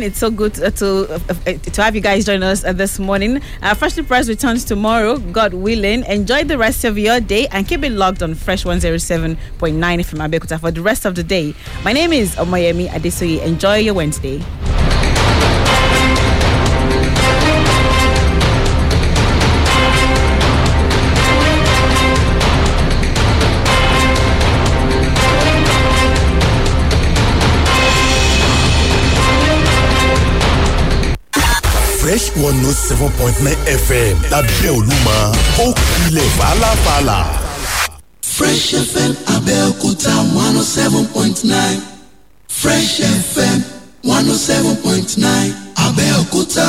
It's so good uh, to uh, uh, to have you guys join us this morning. Uh, Freshly Pressed returns tomorrow, God willing. Enjoy the rest of your day and keep it logged on Fresh 107.9 FM Abekuta for the rest of the day. My name is Omoyemi Adesoye. Enjoy your Wednesday. fresh one note oh seven point nine fm lábẹ́ olúmọ ó kulẹ̀ fàlàfàlà. fresh fm abẹ́òkúta one oh seven point nine fresh fm one oh seven point nine abẹ́òkúta.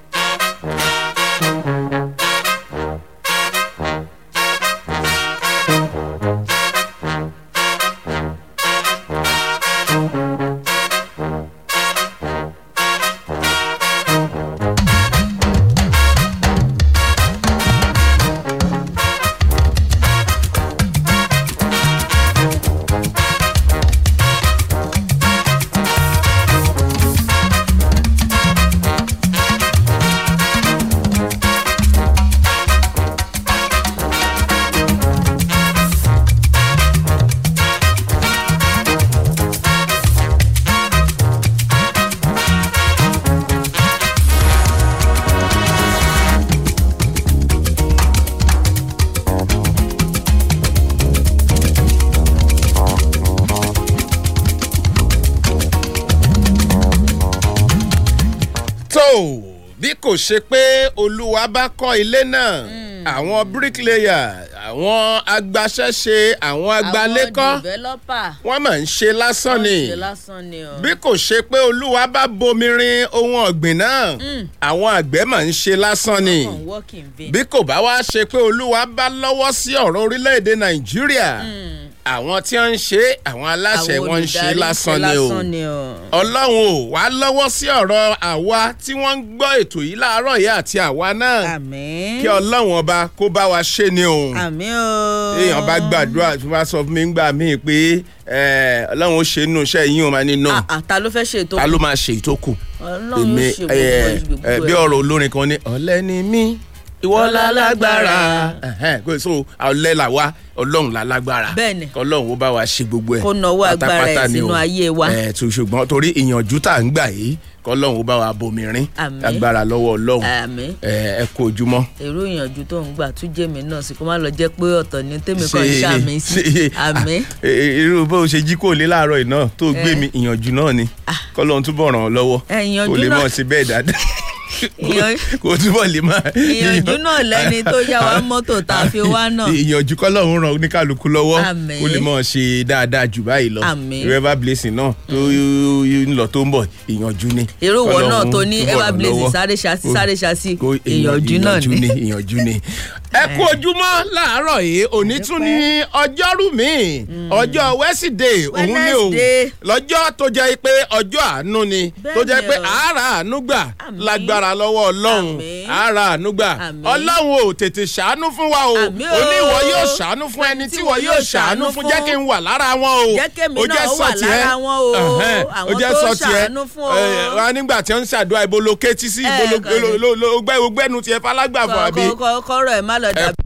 kò ṣe pé olúwa bá kọ́ ilé náà hmm. àwọn bricklayer àwọn agbaṣẹ́ṣe àwọn agbalékọ́ wọ́n máa ń ṣe lásán ni bí kò ṣe pé olúwa bá bomirin ohun ọ̀gbìn náà hmm. àwọn àgbẹ̀ máa ń ṣe lásán ni bí kò bá wá ṣe pé olúwa bá lọ́wọ́ sí ọ̀rọ̀ orílẹ̀-èdè nàìjíríà. Mm àwọn tí wọ́n ń ṣe àwọn aláṣẹ wọ́n ń ṣe lásán ni o ọlọ́run ò wá lọ́wọ́ sí ọ̀rọ̀ àwa tí wọ́n ń gbọ́ ètò yìí láàárọ̀ yìí àti àwa náà kí ọlọ́run ọba kó bá wa ṣe ni o èèyàn bá gbàdúrà tí wọ́n bá sọ fún mi gbà mí pé ọlọ́run ó ṣe nínú iṣẹ́ yín o máa ní náà ah, ah, ta ló fẹ́ ṣe ìtókù ta ló máa ṣe ìtókù èmi bí ọ̀rọ̀ olórin kan ní ọ̀lẹ ni mí ìwọ́lá lágbára kò so ọ̀lẹ làwa ọlọ́run la lágbára bẹ́ẹ̀ni ọlọ́run ó bá wa ṣe gbogbo ẹ̀ kó náwó agbára ẹ̀ sínú ayé wa ẹ̀ tó ṣùgbọ́n torí ìyànjú tá à ń gbà yìí kọlọ́run ó bá wa bomi rin agbára lọ́wọ́ ọlọ́run ẹ kú ojúmọ́. èrò ìyànjú tó ń gbà tún jẹ́ mi náà sí kó má lọ jẹ́ pé ọ̀tọ̀ ni tèmi kan ṣe àmì sí àmì. irú bó o ṣe jí kò lé láàárọ̀ iná tó gbé mi ìyànjú náà ni ah. kọlọ́run túbọ̀ ràn ọ́ lọ́wọ́ kò lè mọ̀ sí bẹ́ẹ̀ dáadáa ìyànjú náà lẹni tó yá wa mọ́tò tá a fi wá náà. ìyànjú kọ́lọ́run ràn ran oníkàlùkù lọ́wọ́ kó lè mọ̀ ṣe dáadáa jù báyìí lọ river blessing náà tó ń mm. lọ tó ń bọ̀ ìyànjú ni. èrò wọ náà tó ní ever blessing sáré ṣasí sáré ṣasí ìyànjú náà ni ẹ kú ojúmọ́ láàárọ̀ yìí òní tún ní ọjọ́rú míì mm. ọjọ́ wẹ́sídẹ̀ẹ́ òun ní òun lọ́jọ́ tó jẹ́ pé ọjọ́ àánú ni tó jẹ́ pé àárà àánú gbà lágbára lọ́wọ́ ọlọ́run àárà àánú gbà ọlọ́run ò tètè ṣàánú fún wa o òní ìwọ yóò ṣàánú fún ẹni tí ìwọ yóò ṣàánú fún jẹ́ kí n wà lára wọn o ó jẹ́ sọ tiẹ́ ó jẹ́ sọ tiẹ́ wọn nígbà tí wọ́n ń ṣàdúrà ibo lo kétí sí ibo lo gbẹ́nu tiẹ̀ falágbàfọ̀ àbí kọ́rọ̀ ẹ̀ má lọ dàbí.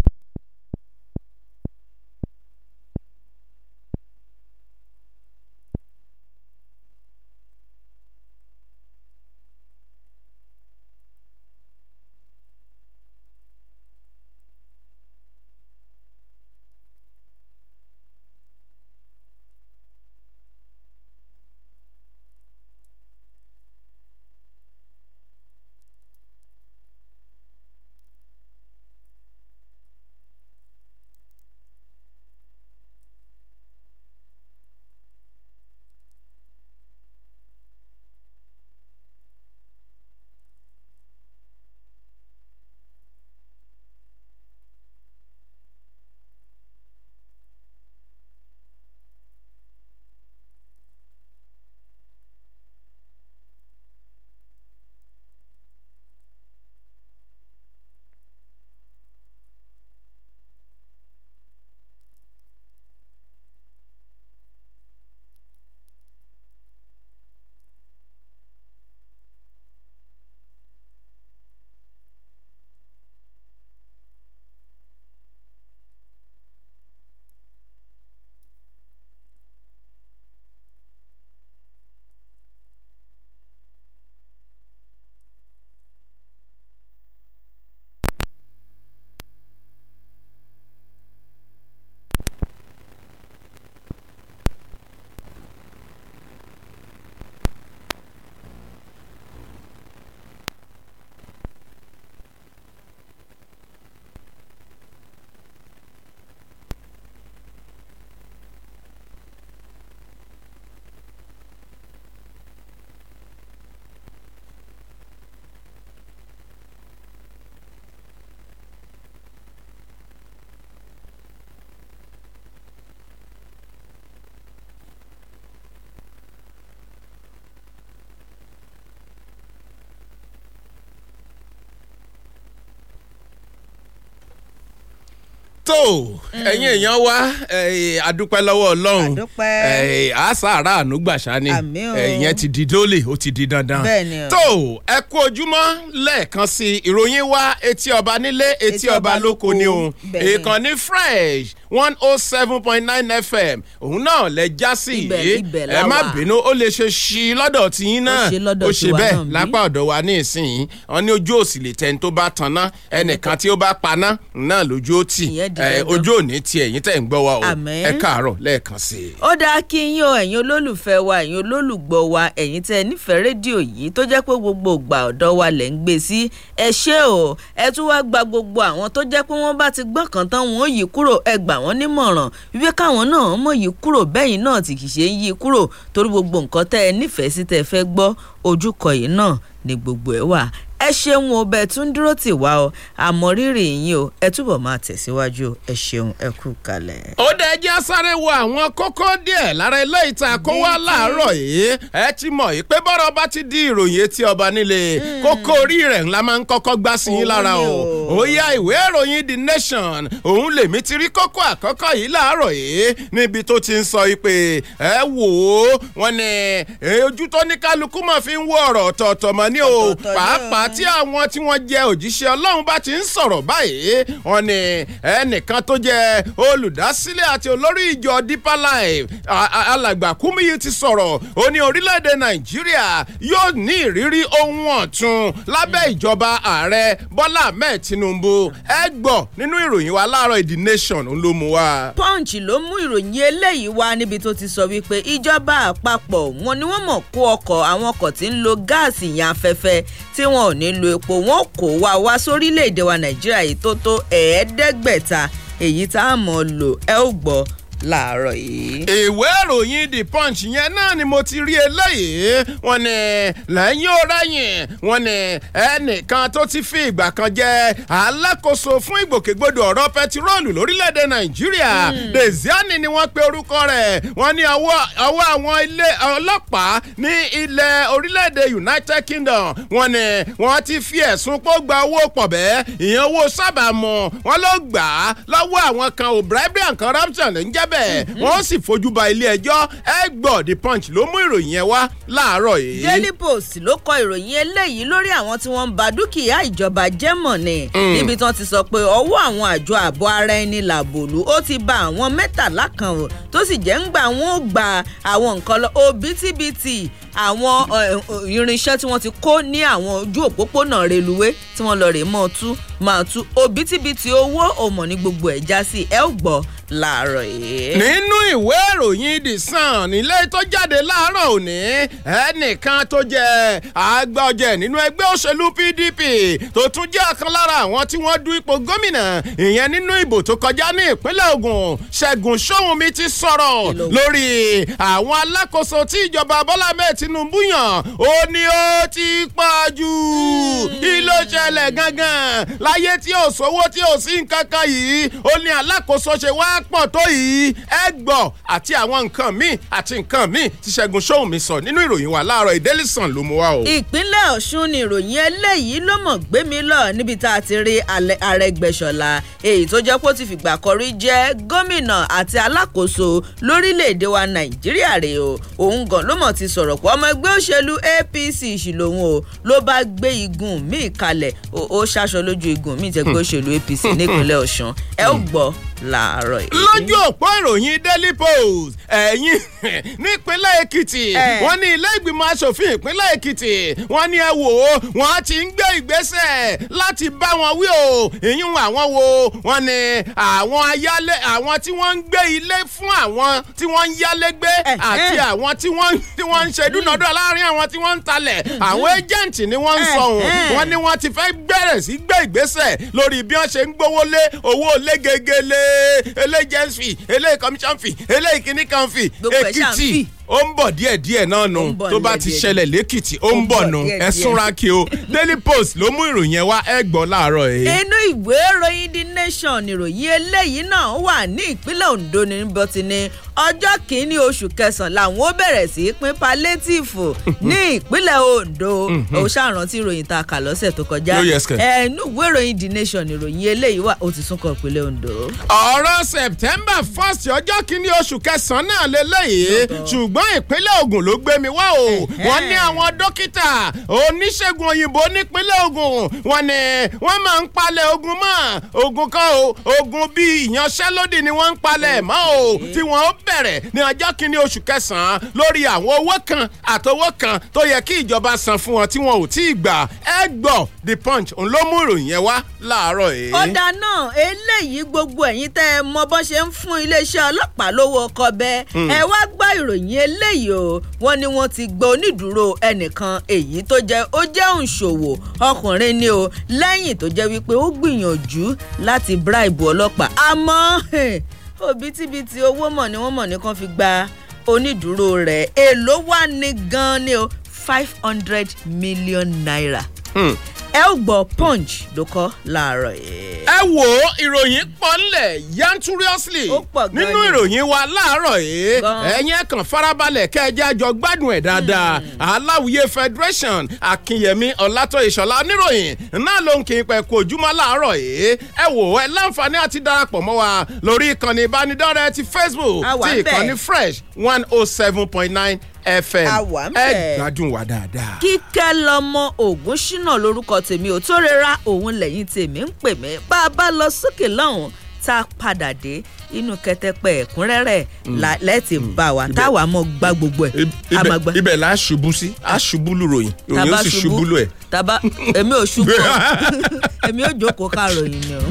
tó ẹ̀yin èèyàn wa eh, adúpẹ́ lọ́wọ́ ọlọ́run àṣà ara ànúgbàṣá ni eh, ìyẹn ti di dólè ó ti di dandan tó ẹ kú ojúmọ́ lẹ́ẹ̀kan sí ìròyìn wa etí ọba nílé etí ọba lóko ni òun èèkàn fresh one oh seven point nine fm òun náà lẹ já sí yìí ẹ má bínú ó lè ṣe ṣí lọ́dọ̀ tìyín náà ó ṣe bẹ́ẹ̀ lápá ọ̀dọ̀ wa ní ìsìn wọn ní ojú òsì lè tẹni tó bá tanná ẹnìkan tí ó bá paná náà lójú ó tì ojú òní tiẹ̀ yín tẹ̀ ń gbọ́ wa o ẹ káàárọ̀ lẹ́ẹ̀kan sí i. ó dáa kí yín o ẹ̀yin olólùfẹ́ wa ẹ̀yin olólùgbọ́ wa ẹ̀yin tẹ́ nífẹ̀ẹ́ rédíò yìí tó jẹ́ pé gbogbo ìgbà ọ̀dọ́ wa lẹ̀ ń gbé sí ẹ ṣé o ẹ tún wá gba gbogbo àwọn tó jẹ́ pé wọ́n bá ti gbọ́kàn tán wọn ó yí kúrò ẹ àwọn nímọ̀ràn wípé káwọn náà mọ̀ yí kúrò bẹ́yìn náà tì kì í ṣe ń yí kúrò torí gbogbo nǹkan tẹ́ ẹ nífẹ̀ẹ́ sí tẹ́ ẹ fẹ́ gbọ́ ojúkọ yìí náà ni gbogbo ẹ̀ wà ẹ ṣeun o tún dúró tì wá o àmọ́ rírì yín o ẹ túbọ̀ máa tẹ̀síwájú ẹ ṣeun ẹ kú kalẹ̀. ó dẹ sáré wo àwọn kókó díẹ̀ lára ilé ìta kó wá láàárọ̀ yìí ẹ ti mọ̀ yìí pé bọ́rọ̀ bá ti di ìròyìn etí ọba nílé hmm. kókó orí rẹ̀ ńlá máa ń kọ́kọ́ gbá sí yín lára o ó yá ìwé ìròyìn the nation òun lèmi ti rí kókó àkọ́kọ́ yìí láàárọ̀ yìí níbi tó ti ń sọ pé ẹ wò ó wọn fi ń wọ ọ̀rọ̀ ni o pàápàá tí àwọn tí wọ́n jẹ́ òjíṣẹ́ ọlọ́run bá ti ń sọ̀rọ̀ báyìí wọ́n ní ẹnìkan tó jẹ́ olùdásílẹ̀ àti olórí ìjọ Deeper Life alàgbà Kúmíyì ti sọ̀rọ̀ ó ní orílẹ̀-èdè Nàìjíríà yóò ní ìrírí ohun ọ̀tun lábẹ́ ìjọba ààrẹ Bọ́lá Ahmed Tinubu ẹ gbọ́ nínú ìròyìn wa láàárọ̀ ìdí nation ló mú wa. Punch ló mú ìròyìn eléyìí wá níbi tó ti sọ wípé ìjọba àpapọ̀ wọn ni wọ́n mọ̀ kó ọkọ̀ àwọn ọkọ̀ tí ń lo gáàsì yàn afẹ́fẹ́ tí wọn ò ní lo epo wọn kò wá wá sórílẹ̀-èdè wa nàìjíríà yìí tó tó ẹ̀ẹ́dẹ́gbẹ̀ta èyí tá a mọ̀ lò ẹ ó gbọ́ láàárọ̀ yìí. ìwé ìròyìn the punch yẹn náà ni mo ti rí eléyìí wọ́n ní lẹ́yìn ọ̀rẹ́yìn wọ́n ní ẹnìkan tó ti fi ìgbà kan jẹ alákòóso fún ìgbòkègbodò ọ̀rọ̀ pẹtirọ́ọ̀lù lórílẹ̀‐èdè nàìjíríà hmm. Dèzíàní ni wọ́n pe orúkọ rẹ̀ wọ́n ní ọwọ́ àwọn ilé ọlọ́pàá ní ilẹ̀ orílẹ̀‐èdè United Kingdom wọ́n ní wọ́n ti fi ẹ̀sùn pé ó gba owó pọ̀bẹ́ ìyẹn owó sábàámu wọ́n ló gbà á lọ́wọ́ àwọn kan ò bribery and corruption ń jẹ́b níbẹ̀ mm-hmm. wọ́n sì fojú ba ilé ẹjọ́ ẹ gbọ́ the punch ló mú ìròyìn yẹn wá láàárọ̀ yìí. daily post ló kọ ìròyìn eléyìí lórí àwọn tí wọ́n ń ba dúkìá ìjọba jẹ́ mọ̀ ni mm. níbi tí wọ́n ti sọ pé ọwọ́ àwọn àjọ ààbò ara ẹni làbòlú ó ti ba àwọn mẹ́tàlá kan o tó sì jẹ́ ń gbà wọ́n ó gba àwọn nǹkan lọ òbítíbitì àwọn irinṣẹ́ tí wọ́n ti kó ní àwọn ojú òpópónà reluwé tí wọ́n lọ rè mọ́ tú máa tú òbítíbitì owó òmò ní gbogbo ẹ̀ já sí ẹ ó gbọ́ láàárọ̀ yìí nínú ìwé ìròyìn the sun nílé tó jáde láàárọ̀ òní ẹnìkan tó jẹ́ agbọ́jẹ nínú ẹgbẹ́ òṣèlú pdp tó tún jẹ́ ọ̀kan lára àwọn tí wọ́n du ipò gómìnà ìyẹn nínú ìbò tó kọjá ní ìpínlẹ̀ ògùn ṣẹ́gun ṣóhunmi ti sọ̀rọ̀ lórí àwọn alákòóso tí ìjọba bọ́lá mẹ́ẹ̀ tinubu yàn ó ní ó ti pa jù hmm. kí ló ṣẹlẹ̀ gangan láyé tí ò sówó tí ò sí nǹkan kan yìí ó ní alákòóso ṣe wá pọ̀ tó yìí sí ẹgbọ́ àti àwọn nǹkan míì àti nǹkan míì tí Ṣẹ́gun Ṣóhùnmí sọ nínú ìròyìn wa láàárọ̀ ìdẹ́lẹ́sàn ló mú wa o. ìpínlẹ̀ Ọ̀ṣun ni ìròyìn eléyìí ló mọ̀ gbé mi lọ níbi tá a ti rí Arẹ́gbẹ́ṣọlá èyí tó jẹ́ pé ti fìgbà kọrí jẹ́ gómìnà àti alákòóso lórílẹ̀‐èdè wa Nàìjíríà rè o òun gan ló mọ̀ ti sọ̀rọ̀ pé ọmọ ẹgbẹ́ òṣèlú APC sì lòun o ló bá gbé igun míì kalẹ̀ ó ṣaṣọ lójú igun míì tẹ́gbẹ́ òṣèlú APC nípínlẹ̀ Ọ̀ṣun ẹ ó gbọ́ làárọ̀ ìròyìn daily post ẹ̀yìn nípínlẹ̀ èkìtì wọ́n ní ilé ìgbìmọ̀ asòfin ìpínlẹ̀ èkìtì wọ́n ní ẹ wò ó wọ́n ti ń gbé ìgbésẹ̀ láti bá wọn wí o ìyún àwọn wo wọ́n ní àwọn ayálé àwọn tí wọ́n ń gbé ilé fún àwọn tí wọ́n ń yálé gbé àti àwọn tí wọ́n ń ṣe dúnàdúrà láàrin àwọn tí wọ́n ń talẹ̀ àwọn agent ni wọ́n ń sọ̀hún wọ́n ní wọ́n ti fẹ́ bẹ̀rẹ̀ sí gbé ìgbésẹ̀ lórí bí wọ́n ṣe ń gbówó lé owó lé gegele eléjẹ́sì elé eléyìí commission fee eléyìí kìíní kan fee èkìtì ó ń bọ̀ díẹ̀díẹ̀ náà nu tó bá ti ṣẹlẹ̀ lẹ́kìtì ó ń bọ̀ nu ẹ súnra kí o daily post ló mú ìròyìn yẹn wá ẹ gbọ́ láàárọ̀ yìí. inú ìwé ìròyìn the nation ìròyìn eléyìí náà wà ní ìpínlẹ̀ ondo ní bọ́tìní ọjọ́ kìíní oṣù kẹsàn-án làwọn ó bẹ̀rẹ̀ sí í pín palétíìfù ní ìpínlẹ̀ ondo òun mhm. ṣàrántí ìròyìn tá a lọ́sẹ̀ tó kọjá oh, ẹnu ìwé ìròyìn the nation ìròyìn eléyìí wà ó ti tún kọ ìpínlẹ̀ ondo. ọ̀rọ̀ september first ọjọ́ kìíní oṣù kẹsàn-án náà lélẹ́yìí ṣùgbọ́n ṣùgbọ́n ìpínlẹ̀ Ògùn ló gbé mi wá o wọ́n ní àwọn dókítà oníṣègùn òyìnbó nípínlẹ̀ Ògùn wọ́n ní wọ́n máa ń palẹ̀ ogun mọ́ ogun kan o ogun bíi ìyanṣẹ́lódì ni wọ́n ń palẹ̀ mọ́ o tí wọ́n ó bẹ̀rẹ̀ ní ọjọ́ kìíní oṣù kẹsàn-án lórí àwọn owó kan àtowó kan tó yẹ kí ìjọba san fún wọn tí wọn ò tí ì gbà ẹ gbọ́ The Punch òun ló mú ìròyìn yẹn wá láàárọ̀ yìí. ọ̀dà náà eléyìí gbogbo ẹ̀yin tẹ́ ẹ mọ bó ṣe ń fún iléeṣẹ́ ọlọ́pàá lówó ọkọ̀ bẹ́ẹ̀ hmm. ẹ wá gbọ́ ìròyìn eléyìí o wọ́n ni wọ́n ti gba onídùúró ẹnìkan èyí tó jẹ́ ó jẹ́ òǹṣòwò ọkùnrin ni o lẹ́yìn tó jẹ́ wípé ó gbìyànjú láti bribe ọlọ́pàá àmọ́ òbítíbitì owó mọ̀ ni wọ́n mọ̀ ní kan fi gba onídùúró rẹ̀ èló wà ní gan ni o five hundred million naira. Hmm ẹ ó gbọ́ punch ló kọ́ láàárọ̀ yìí. ẹ wo ìròyìn pọ́nlẹ̀ yanturiously nínú ìròyìn wa láàárọ̀ yìí ẹ̀yin ẹ̀kan farabalẹ̀ kẹ́ẹ̀jẹ́ àjọ gbádùn ẹ̀ dáadáa hmm. aláwùyé federation akínyẹmí ọ̀làtọ̀ ìṣọ̀lá oníròyìn náà ló ń kí n pẹ̀ kó ojúmọ́ láàárọ̀ yìí ẹ wò ẹ láǹfààní àti darapọ̀ mọ́ wa lórí ìkànnì ìbánidọ́rẹ̀ẹ́ ti facebook ti ìkànnì fresh one oh seven point nine fm ẹ gbádùn wa dáadáa. kíkẹ́ lọ́mọ ògún ṣínà lórúkọ tèmi ò tó rẹra òun lẹ́yìn tèmi ń pè mí bá a bá lọ sókè lọ́hùn tá a padà dé inú kẹtẹpẹ ẹ̀kúnrẹ́rẹ́ hmm. lẹẹtì bá wa táwa mọ gba gbogbo ẹ amagba. ibẹ̀ la ṣubú sí a ṣubú lùròyìn òyìn ó sì ṣubú lù ẹ. taba èmi ò ṣubú èmi ò jókòó ká ròyìn ni o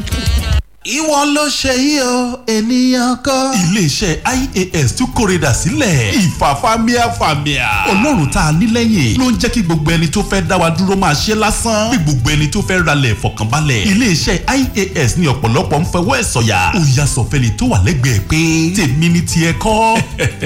ìwọ ló ṣe yìí o ènìyàn kọ́. iléeṣẹ́ ias tún kórèdà sílẹ̀ ìfàfàmìàfàmìà. ọlọ́run tá a ní lẹ́yìn ló ń jẹ́ kí gbogbo ẹni tó fẹ́ dá wa dúró máa ṣe lásán bí gbogbo ẹni tó fẹ́ ralẹ̀ fọkànbalẹ̀. iléeṣẹ́ ias ní ọ̀pọ̀lọpọ̀ ń fẹwọ́ ẹ̀ sọ̀yà ó yà sọ̀fẹ́ni tó wà lẹ́gbẹ̀ẹ́ pé tèmi ni tiẹ̀ kọ́.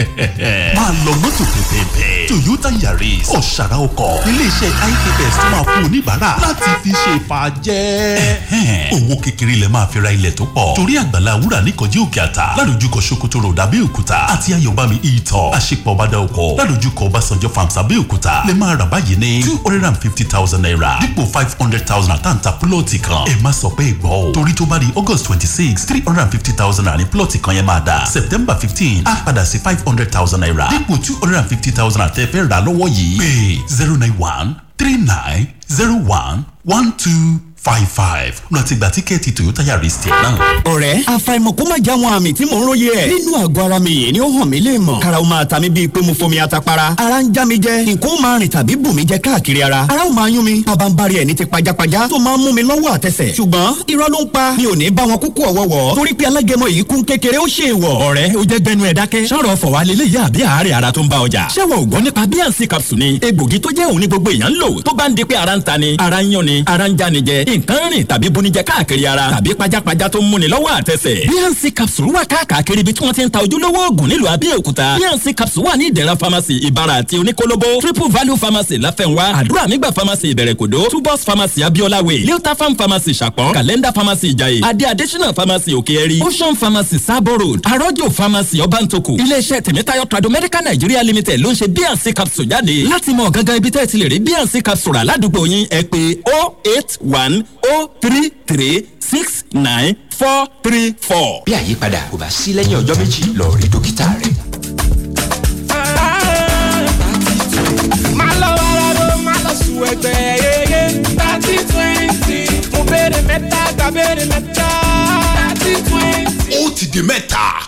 máa lọ mọ́tò pẹ̀pẹ̀pẹ̀ toyota yaris ọ̀ṣàrà ọkọ̀ iléeṣẹ́ ias máa fún oníbàárà láti fi ṣe fàájẹ́. owó kékeré lẹ máa fi ra ilẹ̀ ilẹ̀ tó pọ̀ torí àgbàlá wúrà níkànjí òkè àtà ládojúkọ sokoto road abẹ́òkúta àti ayọ̀bámi ìtàn àṣepọ̀ bàdà ọkọ̀ ládojúkọ ọbásanjọ́ farms abẹ́òkúta lè máa rà báyìí ní two hundred and fifty thousand naira dípò five hundred thousand àtàǹtà púlọ̀tì kan ẹ má sọ pé ẹ gbọ́ o torí tó bá di august twenty six three hundred and fifty thousand naira ní púlọ̀tì kan yẹn máa dà september fifteen á padà sí five hundred thousand naira dípò two hundred and fifty thousand àtẹ̀fẹ́ rà lọ́wọ́ zero nine one three nine zero one one two five five lọ ti gba tíkẹ́ẹ̀tì Toyota Yaris tiẹ̀ náà. ọ̀rẹ́ àfàìmọ̀ kó má já wọn àmì tí mò ń róye ẹ̀. nínú àgọ́ ara mi yìí ni ó hàn mí lè mọ̀. karaw máa ta mi bíi pé mo fomi atapara. ara ń já mi jẹ nǹkan máa rìn tàbí bù mí jẹ káàkiri ara. ara ò máa yún mi. pabambari ẹ̀ ní ti pajápajá tó máa ń mú mi lọ́wọ́ àtẹsẹ̀. ṣùgbọ́n irọ́ ló ń pa mi ò ní bá wọn kúkú ọ̀wọ́wọ́. torí pé alágẹmọ yìí kún kékeré ó ṣe èèwọ̀. ọ̀rẹ́ o jẹ́ gbẹnu ẹ̀ dákẹ́. sọ̀rọ̀ fọ̀wá lélẹ̀ yá àbí àárẹ̀ ara tó ń bá ọjà. ṣẹ́wọ̀ ò gbọ́ nípa bíànsì capsule ni egbògi tó rìn tán rìn tàbí bonijẹ káàkiri ara tàbí pajápajá tó ń múni lọ́wọ́ àtẹsẹ̀. bnc capsule wà káàkiri ibi tí wọ́n ti ń ta ojúlówó oògùn nílùú abẹ́òkúta bnc capsule wà ní ìdẹ̀ra pharmacy ìbára àti oníkólóbó triple value pharmacy láfẹ́nwá àdúrà mígbà pharmacy ìbẹ̀rẹ̀kòdó tubos pharmacy abiola way leota farm pharmacy ṣàpọ̀n calendar pharmacy ìjàyè adé additional pharmacy òkèèrè ocean pharmacy sabo road arọ́jò pharmacy ọbàntòkù iléeṣẹ́ tèmítáyọ̀ tradu medical nigeria limited ló ń ṣe bnc capsule jáde láti mọ̀ gangan ibi tẹ́ ti lè rí bnc capsule aládùúgbò yín ẹ pè 081 one oh three three six nine four three four. bí àyípadà kò bá sí lẹ́yìn ọjọ́ méjì lọ rí dókítà rẹ̀. máa lọ wàrà ló máa lọ sùn ẹgbẹ́ yeye thirty twenty mo béèrè mẹ́ta gba béèrè mẹ́ta thirty twenty. ó ti di mẹ́ta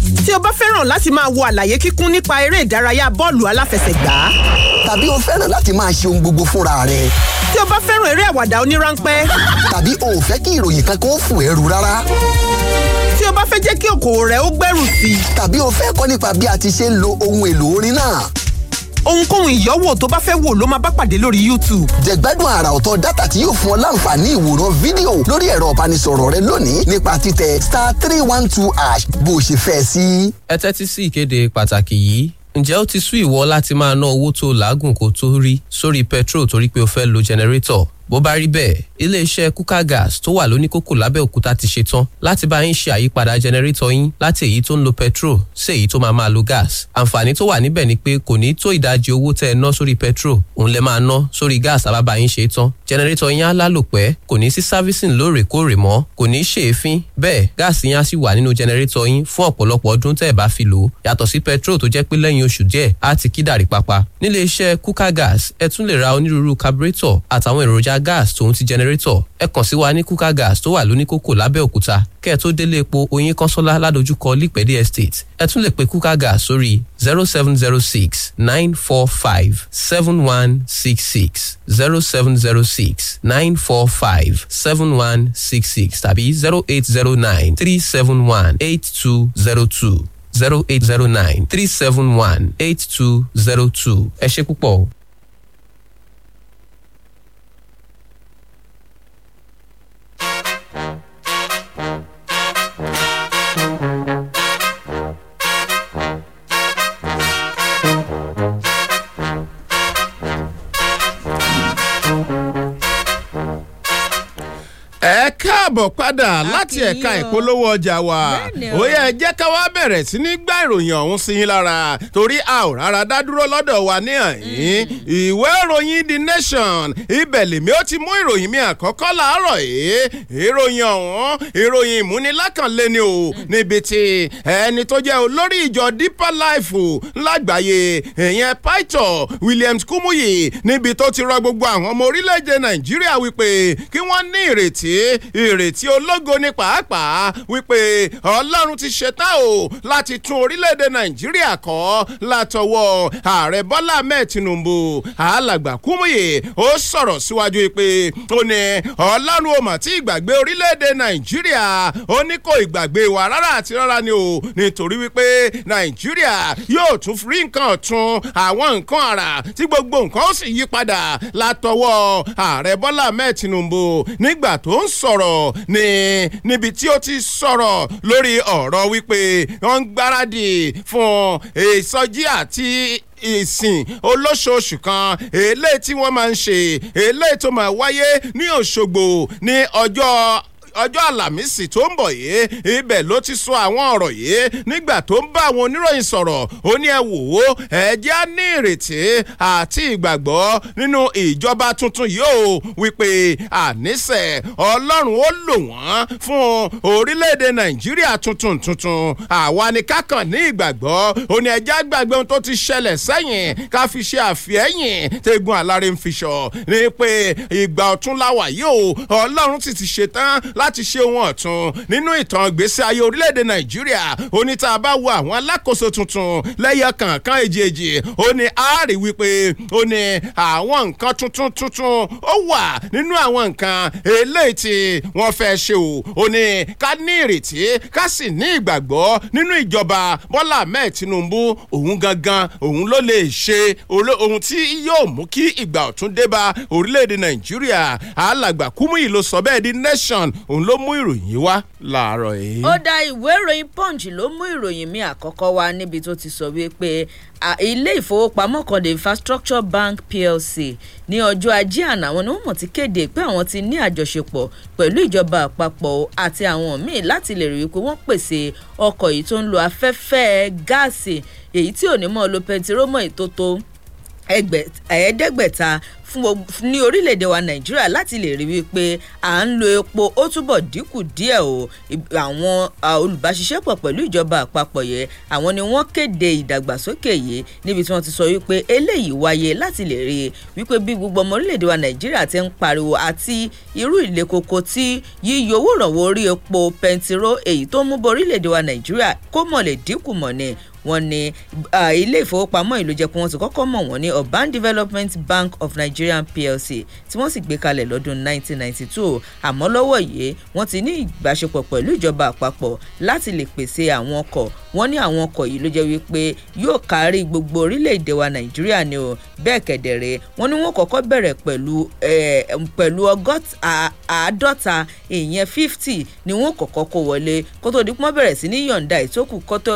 tí o bá fẹ́ràn láti máa wo àlàyé kíkún nípa eré ìdárayá bọ́ọ̀lù aláfẹsẹ̀gbá. tàbí o fẹ́ràn láti máa ṣe ohun gbogbo fúnra rẹ. tí o bá fẹ́ràn eré àwàdà oníránpẹ́. tàbí o ò fẹ́ kí ìròyìn kankan ó fò ẹrù rárá tí o bá fẹ́ jẹ́ kí okòwò rẹ ó gbèrú sí tàbí o fẹ́ kọ́ nípa bí a ti ṣe ń lo ohun èlò orin náà ohunkóhun ìyọ́wò tó bá fẹ́ wò ló máa bá pàdé lórí YouTube. jẹ̀gbádùn ara ọ̀tọ̀ dátà tí yóò fún ọ láǹfààní ìwòran fídíò lórí ẹ̀rọ ìbánisọ̀rọ̀ rẹ lónìí nípa títẹ star three one two ash bó ṣe fẹ́ sí. ẹ tẹ́tí sí ìkéde pàtàkì yìí ǹjẹ́ ó ti sú ìwọ láti máa ná owó tó làágùn kó tó rí sórí petrol torí pé o fẹ́ lo generator bó bá rí bẹ́ẹ̀ iléeṣẹ́ kuka gas tó wà lóníkókò lábẹ́òkúta ti ṣetán láti bá yín ṣe àyípadà jẹnẹrétọ̀ yín láti èyí tó ń lo petrol sí èyí tó máa máa lo gas àǹfààní tó wà níbẹ̀ ni pé kò ní tó ìdajì owó tẹ́ ẹ ná sórí petrol òun lẹ máa ná sórí gas àbábá yín ṣe tán jẹnẹrétọ̀ yín á lálòpẹ́ kò ní sí servicing lóòrèkóòrè mọ́ kò ní ṣèéfín bẹ́ẹ̀ gáàsì yín á sì wà nínú jẹnẹrétọ̀ yín fún ọ̀pọ̀lọpọ̀ ọdún tẹ́ ẹ bá fi lò ó yàtọ̀ sí petrol tó jẹ́ pé lẹ́yìn oṣù díẹ̀ á ti kí dàrí papa nílé iṣẹ́ kuka gas ẹ tún lè ra onírúurú carburetor àtàwọn èròjà gas tòun ti jẹnẹrétọ̀ ẹ kàn sí wa ní kúkà gas tó wà lóní kókò lábẹ́òkúta kẹ́ ẹ tó délé epo oyin kọ́sọ́lá ládojúkọ lípẹ̀dé estate ẹ tún lè pe kúkà gas sórí zero seven zero six nine four five seven one six six zero seven zero six nine four five seven one six six tàbí zero eight zero nine three seven one eight two zero two zero eight zero nine three seven one eight two zero two ẹ ṣe púpọ̀. káàbọ̀ padà láti ẹ̀ka ìpolówó ọjà wa ó yẹ jẹ́ ká wá bẹ̀rẹ̀ sí ní gbá ìròyìn ọ̀hún sí yín lára torí a ò rárá dá lọ́dọ̀ wa ní àyín mm. ìwé ìròyìn The Nation ibẹ̀ lèmi ó ti mú ìròyìn mi àkọ́kọ́ làárọ̀ yìí ìròyìn ọ̀hún ìròyìn ìmúnilákànlé ni o mm. níbi tí ẹni tó jẹ́ olórí ìjọ Deeper Life lágbàáyé ìyẹn Pastor Williams Kumuyi níbi tó ti rọ gbogbo àwọn ọmọ orílẹ̀-èdè Nàìjíríà wípé kí wọ́n ní ìrètí ìrètí ológo ni pàápàá wípé ọlọ́run ti ṣetán o láti tún orílẹ̀-èdè nàìjíríà kọ́ látọwọ́ ààrẹ bọ́lá ahmed tinubu alàgbà kúmúyè ó sọ̀rọ̀ síwájú pé ó ní ọlọ́run ò mà tí ìgbàgbé orílẹ̀-èdè nàìjíríà ó ní kò ìgbàgbé wa rárá àti rárá ni o nítorí wípé nàìjíríà yóò tún rí nǹkan ọ̀tun àwọn nǹkan àrà tí gbogbo nǹkan ó sì yí padà látọwọ́ ààrẹ bọ́lá ahmed nígbà tó ń sọ̀rọ̀ sọ̀rọ̀ ní níbi tí ó ti sọ̀rọ̀ lórí ọ̀rọ̀ wípé wọ́n ń gbáradì fún ìsọjí àti ìsìn olóṣooṣù kan eléyìí tí wọ́n máa ń ṣe eléyìí tó máa wáyé ní Òṣogbo ní ọjọ́ ọjọ́ àlàmísì tó ń bọ̀ yìí ibẹ̀ ló ti sọ àwọn ọ̀rọ̀ yìí nígbà tó ń bá àwọn oníròyìn sọ̀rọ̀ ó ní ẹ wò ó ẹ jẹ́ á ní ìrètí àti ìgbàgbọ́ nínú ìjọba tuntun yìí ó wípé àníṣe ọlọ́run ó lò wọ́n fún orílẹ̀-èdè nàìjíríà tuntun tuntun àwa ni kákan ní ìgbàgbọ́ ó ní ẹjẹ́ àgbàgbé ohun tó ti ṣẹlẹ̀ sẹ́yìn ká fi ṣe àfihẹ́yìn tegun alárẹ̀ ń fi ṣọ ni pé ìgbà ọ̀tún láwà yìí ó ọlọ́run sì ti ṣetán láti ṣe ohun ọ̀tun nínú ìtàn ìgbésí ayé orílẹ̀-èdè nàìjíríà ó ní tá a bá wo àwọn alákòóso tuntun lẹ́yọ kọ̀ọ̀kan èjèèjì ó ní a rí wípé ó ní àwọn nǹkan tuntun tuntun ó wà nínú àwọn nǹkan eléyìí tí wọ́n fẹ́ ṣe o ó ní ká ní ìrètí ká sì ní ìgbàgbọ́ nínú ìjọba bọ́lá ahmed tinubu òun gangan òun ló lè ṣe ohun tí yóò mú kí ìgbà ọ̀tun dé bá orílẹ̀-èdè nàìjíríà alàgbà kúmúyì ló sọ bẹ́ẹ̀ di nation òun ló mú ìròyìn yìí wá làárọ̀ yìí. ó da ìwé ìròyìn punch ló mú ìròyìn mi àkọ́kọ́ wá níbi tó ti sọ wípé ilé ìfowópamọ́ kan the infrastructure bank plc ní ọjọ́ ajé àná àwọn ni wọ́n mọ̀ ti kéde pé àwọn ti ní àjọṣepọ̀ pẹ̀lú ìjọba àpapọ̀ àti àwọn míì láti lè rí i pé wọ́n pèsè ọkọ̀ yìí tó ń lo afẹ́fẹ́ gáàsì èyí tí ò ní mọ́ lo pẹtiró mọ́ ètò tó ẹ̀ẹ́dẹ́gbẹ̀ta ní orílẹ̀-èdè wa nàìjíríà láti lè rí wípé à ń lo epo ó túbọ̀ dínkù díẹ̀ o àwọn olùbáṣiṣẹ́pọ̀ pẹ̀lú ìjọba àpapọ̀ yẹn àwọn ni wọ́n kéde ìdàgbàsókè yìí níbi tí wọ́n ti sọ wípé eléyìí wáyé láti lè rí wípé bí gbogbo ọmọ orílẹ̀-èdè wa nàìjíríà ti ń pariwo àti irú ìle koko tí yíyọ owó ìrànwọ́ orí epo pẹntiró èyí tó mú borílẹ̀-èdè wa nàìjíríà kó mọ̀ lè dínkù mọ̀ ni wọ́n ní ilé ìfowópamọ́ ìlú jẹ́ pé wọ́n ti kọ́kọ́ mọ̀ wọ́n ní Urban Development Bank of Nigeria PLC tí wọ́n sì gbé kalẹ̀ lọ́dún 1992 àmọ́ lọ́wọ́ yìí wọ́n ti ní ìbáṣepọ̀ pẹ̀lú ìjọba àpapọ̀ láti lè pèsè àwọn ọkọ̀ wọ́n ní àwọn ọkọ̀ yìí ló jẹ́ wípé yóò kárí gbogbo orílẹ̀-èdè wa Nàìjíríà ni o bẹ́ẹ̀ kẹ̀dẹ̀rẹ̀ wọ́n ní wọ́n kọ́kọ́ bẹ̀rẹ̀ pẹ̀lú pẹ̀lú àádọ́ta ìyẹn fifty ni wọ́n kọ́kọ́ kó wọlé kó tó di pọ́n bẹ̀rẹ̀ sí ní yọ̀ǹda ìtókù kátó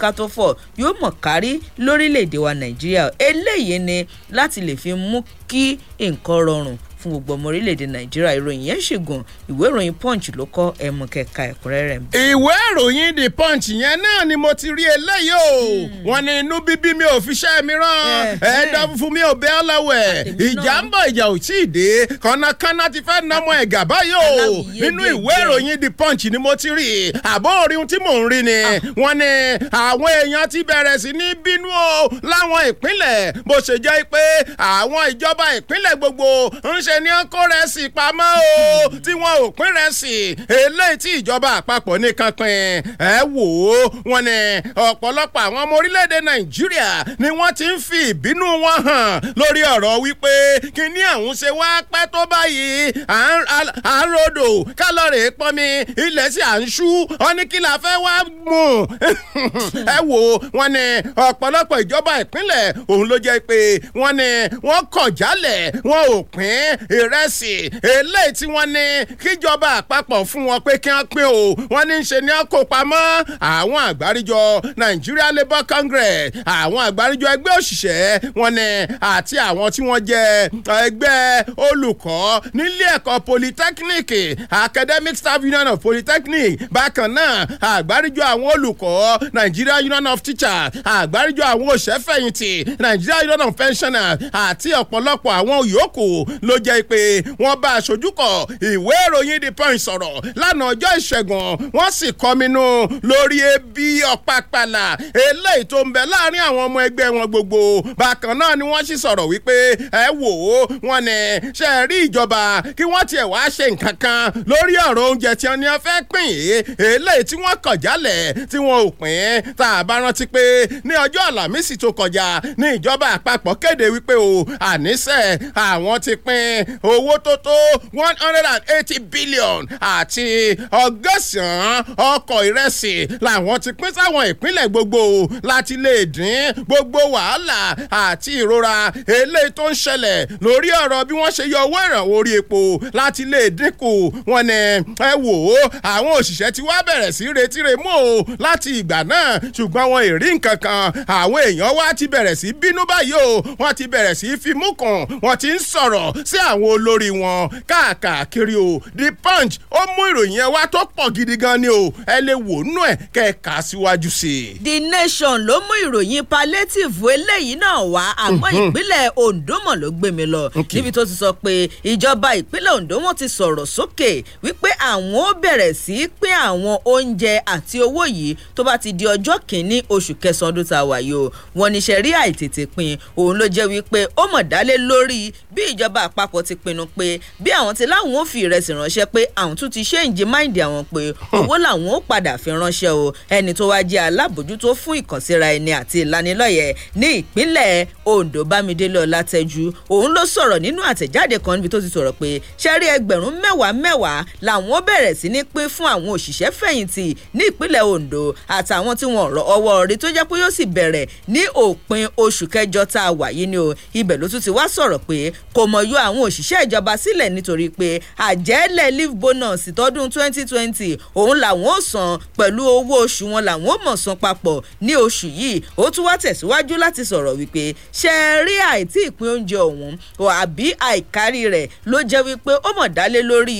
kátó fọ́ four yóò mọ̀ kárí lórílẹ̀‐èdè wa nàìjíríà eléyìí ni láti lè fi mú kí nǹkan rọrùn fún gbogbo ọmọ orílẹ̀-èdè nàìjíríà ìròyìn yẹn ṣègùn ìwé ìròyìn punch ló kọ ẹmu kẹka ẹ̀kúnrẹ́rẹ́ ìwé ìròyìn the punch yẹn náà ni mo ti rí eléyìí o hmm. wọn ni inú bíbí mi ò fi ṣẹ́ mi rán eh, ẹ̀ẹ́dá eh. mi ò bẹ́ ọlọ́wẹ̀ ìjà ń bọ̀ ìjà ò tí ì dé kọ́nàkọ́nà ti fẹ́ namọ ẹ̀gà báyìí o nínú ìwé ìròyìn the punch ni mo ti rí àbọ̀ orin tí mò ń rí ni ah. wọn ni àwọn èèyàn ti bẹ̀rẹ̀ sí ní bínú o láwọn ìpínlẹ̀ bó ṣe jẹ́ pé àwọn ìjọba ìpínlẹ̀ gbogbo ń ṣ níṣẹ́ ni wọ́n kó rẹsì pamọ́ o tí wọn ò pín rẹsì eléyìí tí ìjọba àpapọ̀ ní kankan ẹ wò ó wọn ni ọ̀pọ̀lọpọ̀ àwọn ọmọ orílẹ̀-èdè nàìjíríà ni wọ́n ti ń fi ìbínú wọn hàn lórí ọ̀rọ̀ wípé kíní àwọn ṣe wá pẹ́ tó báyìí à ń rodò kálọ̀rì pọnmi ilẹ̀ sí à ń ṣú wọn ní kí la fẹ́ wá mú ẹ wò ó wọn ni ọ̀pọ̀lọpọ̀ ìjọba ìpínlẹ̀ òun ló jẹ́ pé wọn ni wọ́n kọ̀ jálẹ̀ wọn ò pín ìrẹsì eléyìí tí wọ́n ní kíjọba àpapọ̀ fún wọn pé kí wọ́n pín o wọ́n ní í ṣe ní ọkọ̀ pamọ́ àwọn àgbáríjọ Nigeria Labour Congress àwọn àgbáríjọ ẹgbẹ́ òṣìṣẹ́ wọn ní àti àwọn tí wọ́n jẹ́ ẹgbẹ́ olùkọ́ nílé ẹ̀kọ́ polytechnic Academic Staff Union of Polytechnic bákan náà àgbáríjọ àwọn olùkọ́ Nigeria Union of Teachers àgbáríjọ àwọn òṣèfẹ̀yìntì Nigeria Union of Pensioners àti ọ̀pọ̀lọpọ̀ àwọn yòókù ló jẹ́ jẹ́ pé wọ́n bá aṣojú kọ ìwé ìròyìn the punch sọ̀rọ̀ lánàá ọjọ́ ìṣẹ́gun wọ́n sì kọminú lórí ebi ọ̀pápàlà eléyìí tó ń bẹ láàrin àwọn ọmọ ẹgbẹ́ wọn gbogbo bákan náà ni wọ́n sì sọ̀rọ̀ wípé ẹ wò ó wọn ni ṣe é rí ìjọba kí wọ́n tiẹ̀ wá ṣe nǹkan kan lórí ọ̀rọ̀ oúnjẹ tí wọ́n ní wọ́n fẹ́ pín eléyìí tí wọ́n kọ̀ jálẹ̀ tí wọ́n ò pín tá a bá rántí pé ní ọjọ́ àlàmísì tó kọjá ní ìjọba àpapọ̀ kéde wípé o àníṣe àwọn ti pín owó tó tó one hundred and eighty billion àti ọgọ́sàn-án ọkọ̀ ìrẹsì làwọn ti pín sáwọn ìpínlẹ̀ gbogbo láti lè dín gbogbo wàhálà àti ìrora eléyìí tó ń ṣẹlẹ̀ lórí ọ̀rọ̀ bí wọ́n ṣe yọ owó ìrànwọ́ orí epo láti lè dínkù wọn ni ẹ wò ó àwọn òṣìṣẹ́ ti wá bẹ̀rẹ̀ sí retiremú o láti ìgbà náà ṣùgbọ́n wọn ì rí nǹkan kan àwọn èèyàn wá ti bẹ̀rẹ̀ sí bínú báyìí o wọ́n ti bẹ̀rẹ̀ sí fimú kàn wọ́n ti ń sọ̀rọ̀ sí à àwọn olórí wọn káàkiri o the punch ó mú ìròyìn yẹn wá tó pọ̀ gidi gan ni o ẹ lè wò nú ẹ̀ kẹ́ ẹ kà á síwájú sí i. the nation ló mú ìròyìn palliative eléyìí náà wá àmọ́ mhm. ìpínlẹ̀ Ondo mọ̀ ló gbé mi lọ níbi tó ti sọ pé ìjọba ìpínlẹ̀ Ondo wọn ti sọ̀rọ̀ sókè wípé àwọn ó bẹ̀rẹ̀ sí í pín àwọn oúnjẹ àti owó yìí tó bá ti di ọjọ́ kìíní oṣù kẹsàn-án ọdún tá a wà yìí o wọn ní sẹ́rí àìtètè pin òun ló jẹ́ wípé ó mọ̀ dálé lórí bí ìjọba àpapọ̀ àpapọ̀ ti pinnu pé bí àwọn ti láwọn ò fi ìrẹsì ránṣẹ́ pé àwọn tún ti ṣéǹjì máìndì àwọn pé hmm. owó làwọn ò padà fi ránṣẹ́ o ẹni tó wáá jẹ́ alábòjútó fún ìkànsíra ẹni àti ìlanilọ́yẹ̀ ní ìpínlẹ̀ Ondo Bámidélé Ọlátẹ́jú òun ló sọ̀rọ̀ nínú àtẹ̀jáde kan níbi tó ti sọ̀rọ̀ pé ṣẹ́rí ẹgbẹ̀rún mẹ́wàá mẹ́wàá làwọn ó bẹ̀rẹ̀ sí ní pín fún àwọn òṣìṣẹ́ fẹ̀yìntì ní ìpínlẹ̀ Ondo àtàwọn tí wọ́n rọ ọwọ́ rí tó jẹ́ pé yóò sì bẹ̀rẹ̀ ní òpin oṣù kẹjọ tá a wà yìí ni o ibẹ̀ ló tún ti wá sọ̀rọ̀ pé kò mọ̀ yọ àwọn òṣìṣẹ́ ìjọba sílẹ̀ nítorí pé àjẹ́lẹ̀ leave bonus tọdún 2020 òun làwọn ò san pẹ̀lú owó oṣù wọn làwọn ò mọ̀ san papọ̀ ní oṣù yìí ó tún wá tẹ̀síwájú láti sọ̀rọ̀ wípé ṣe rí àìtí ìpín oúnjẹ ọ̀hún àbí àìkárí rẹ̀ ló jẹ́ wípé ó mọ̀ dálé lórí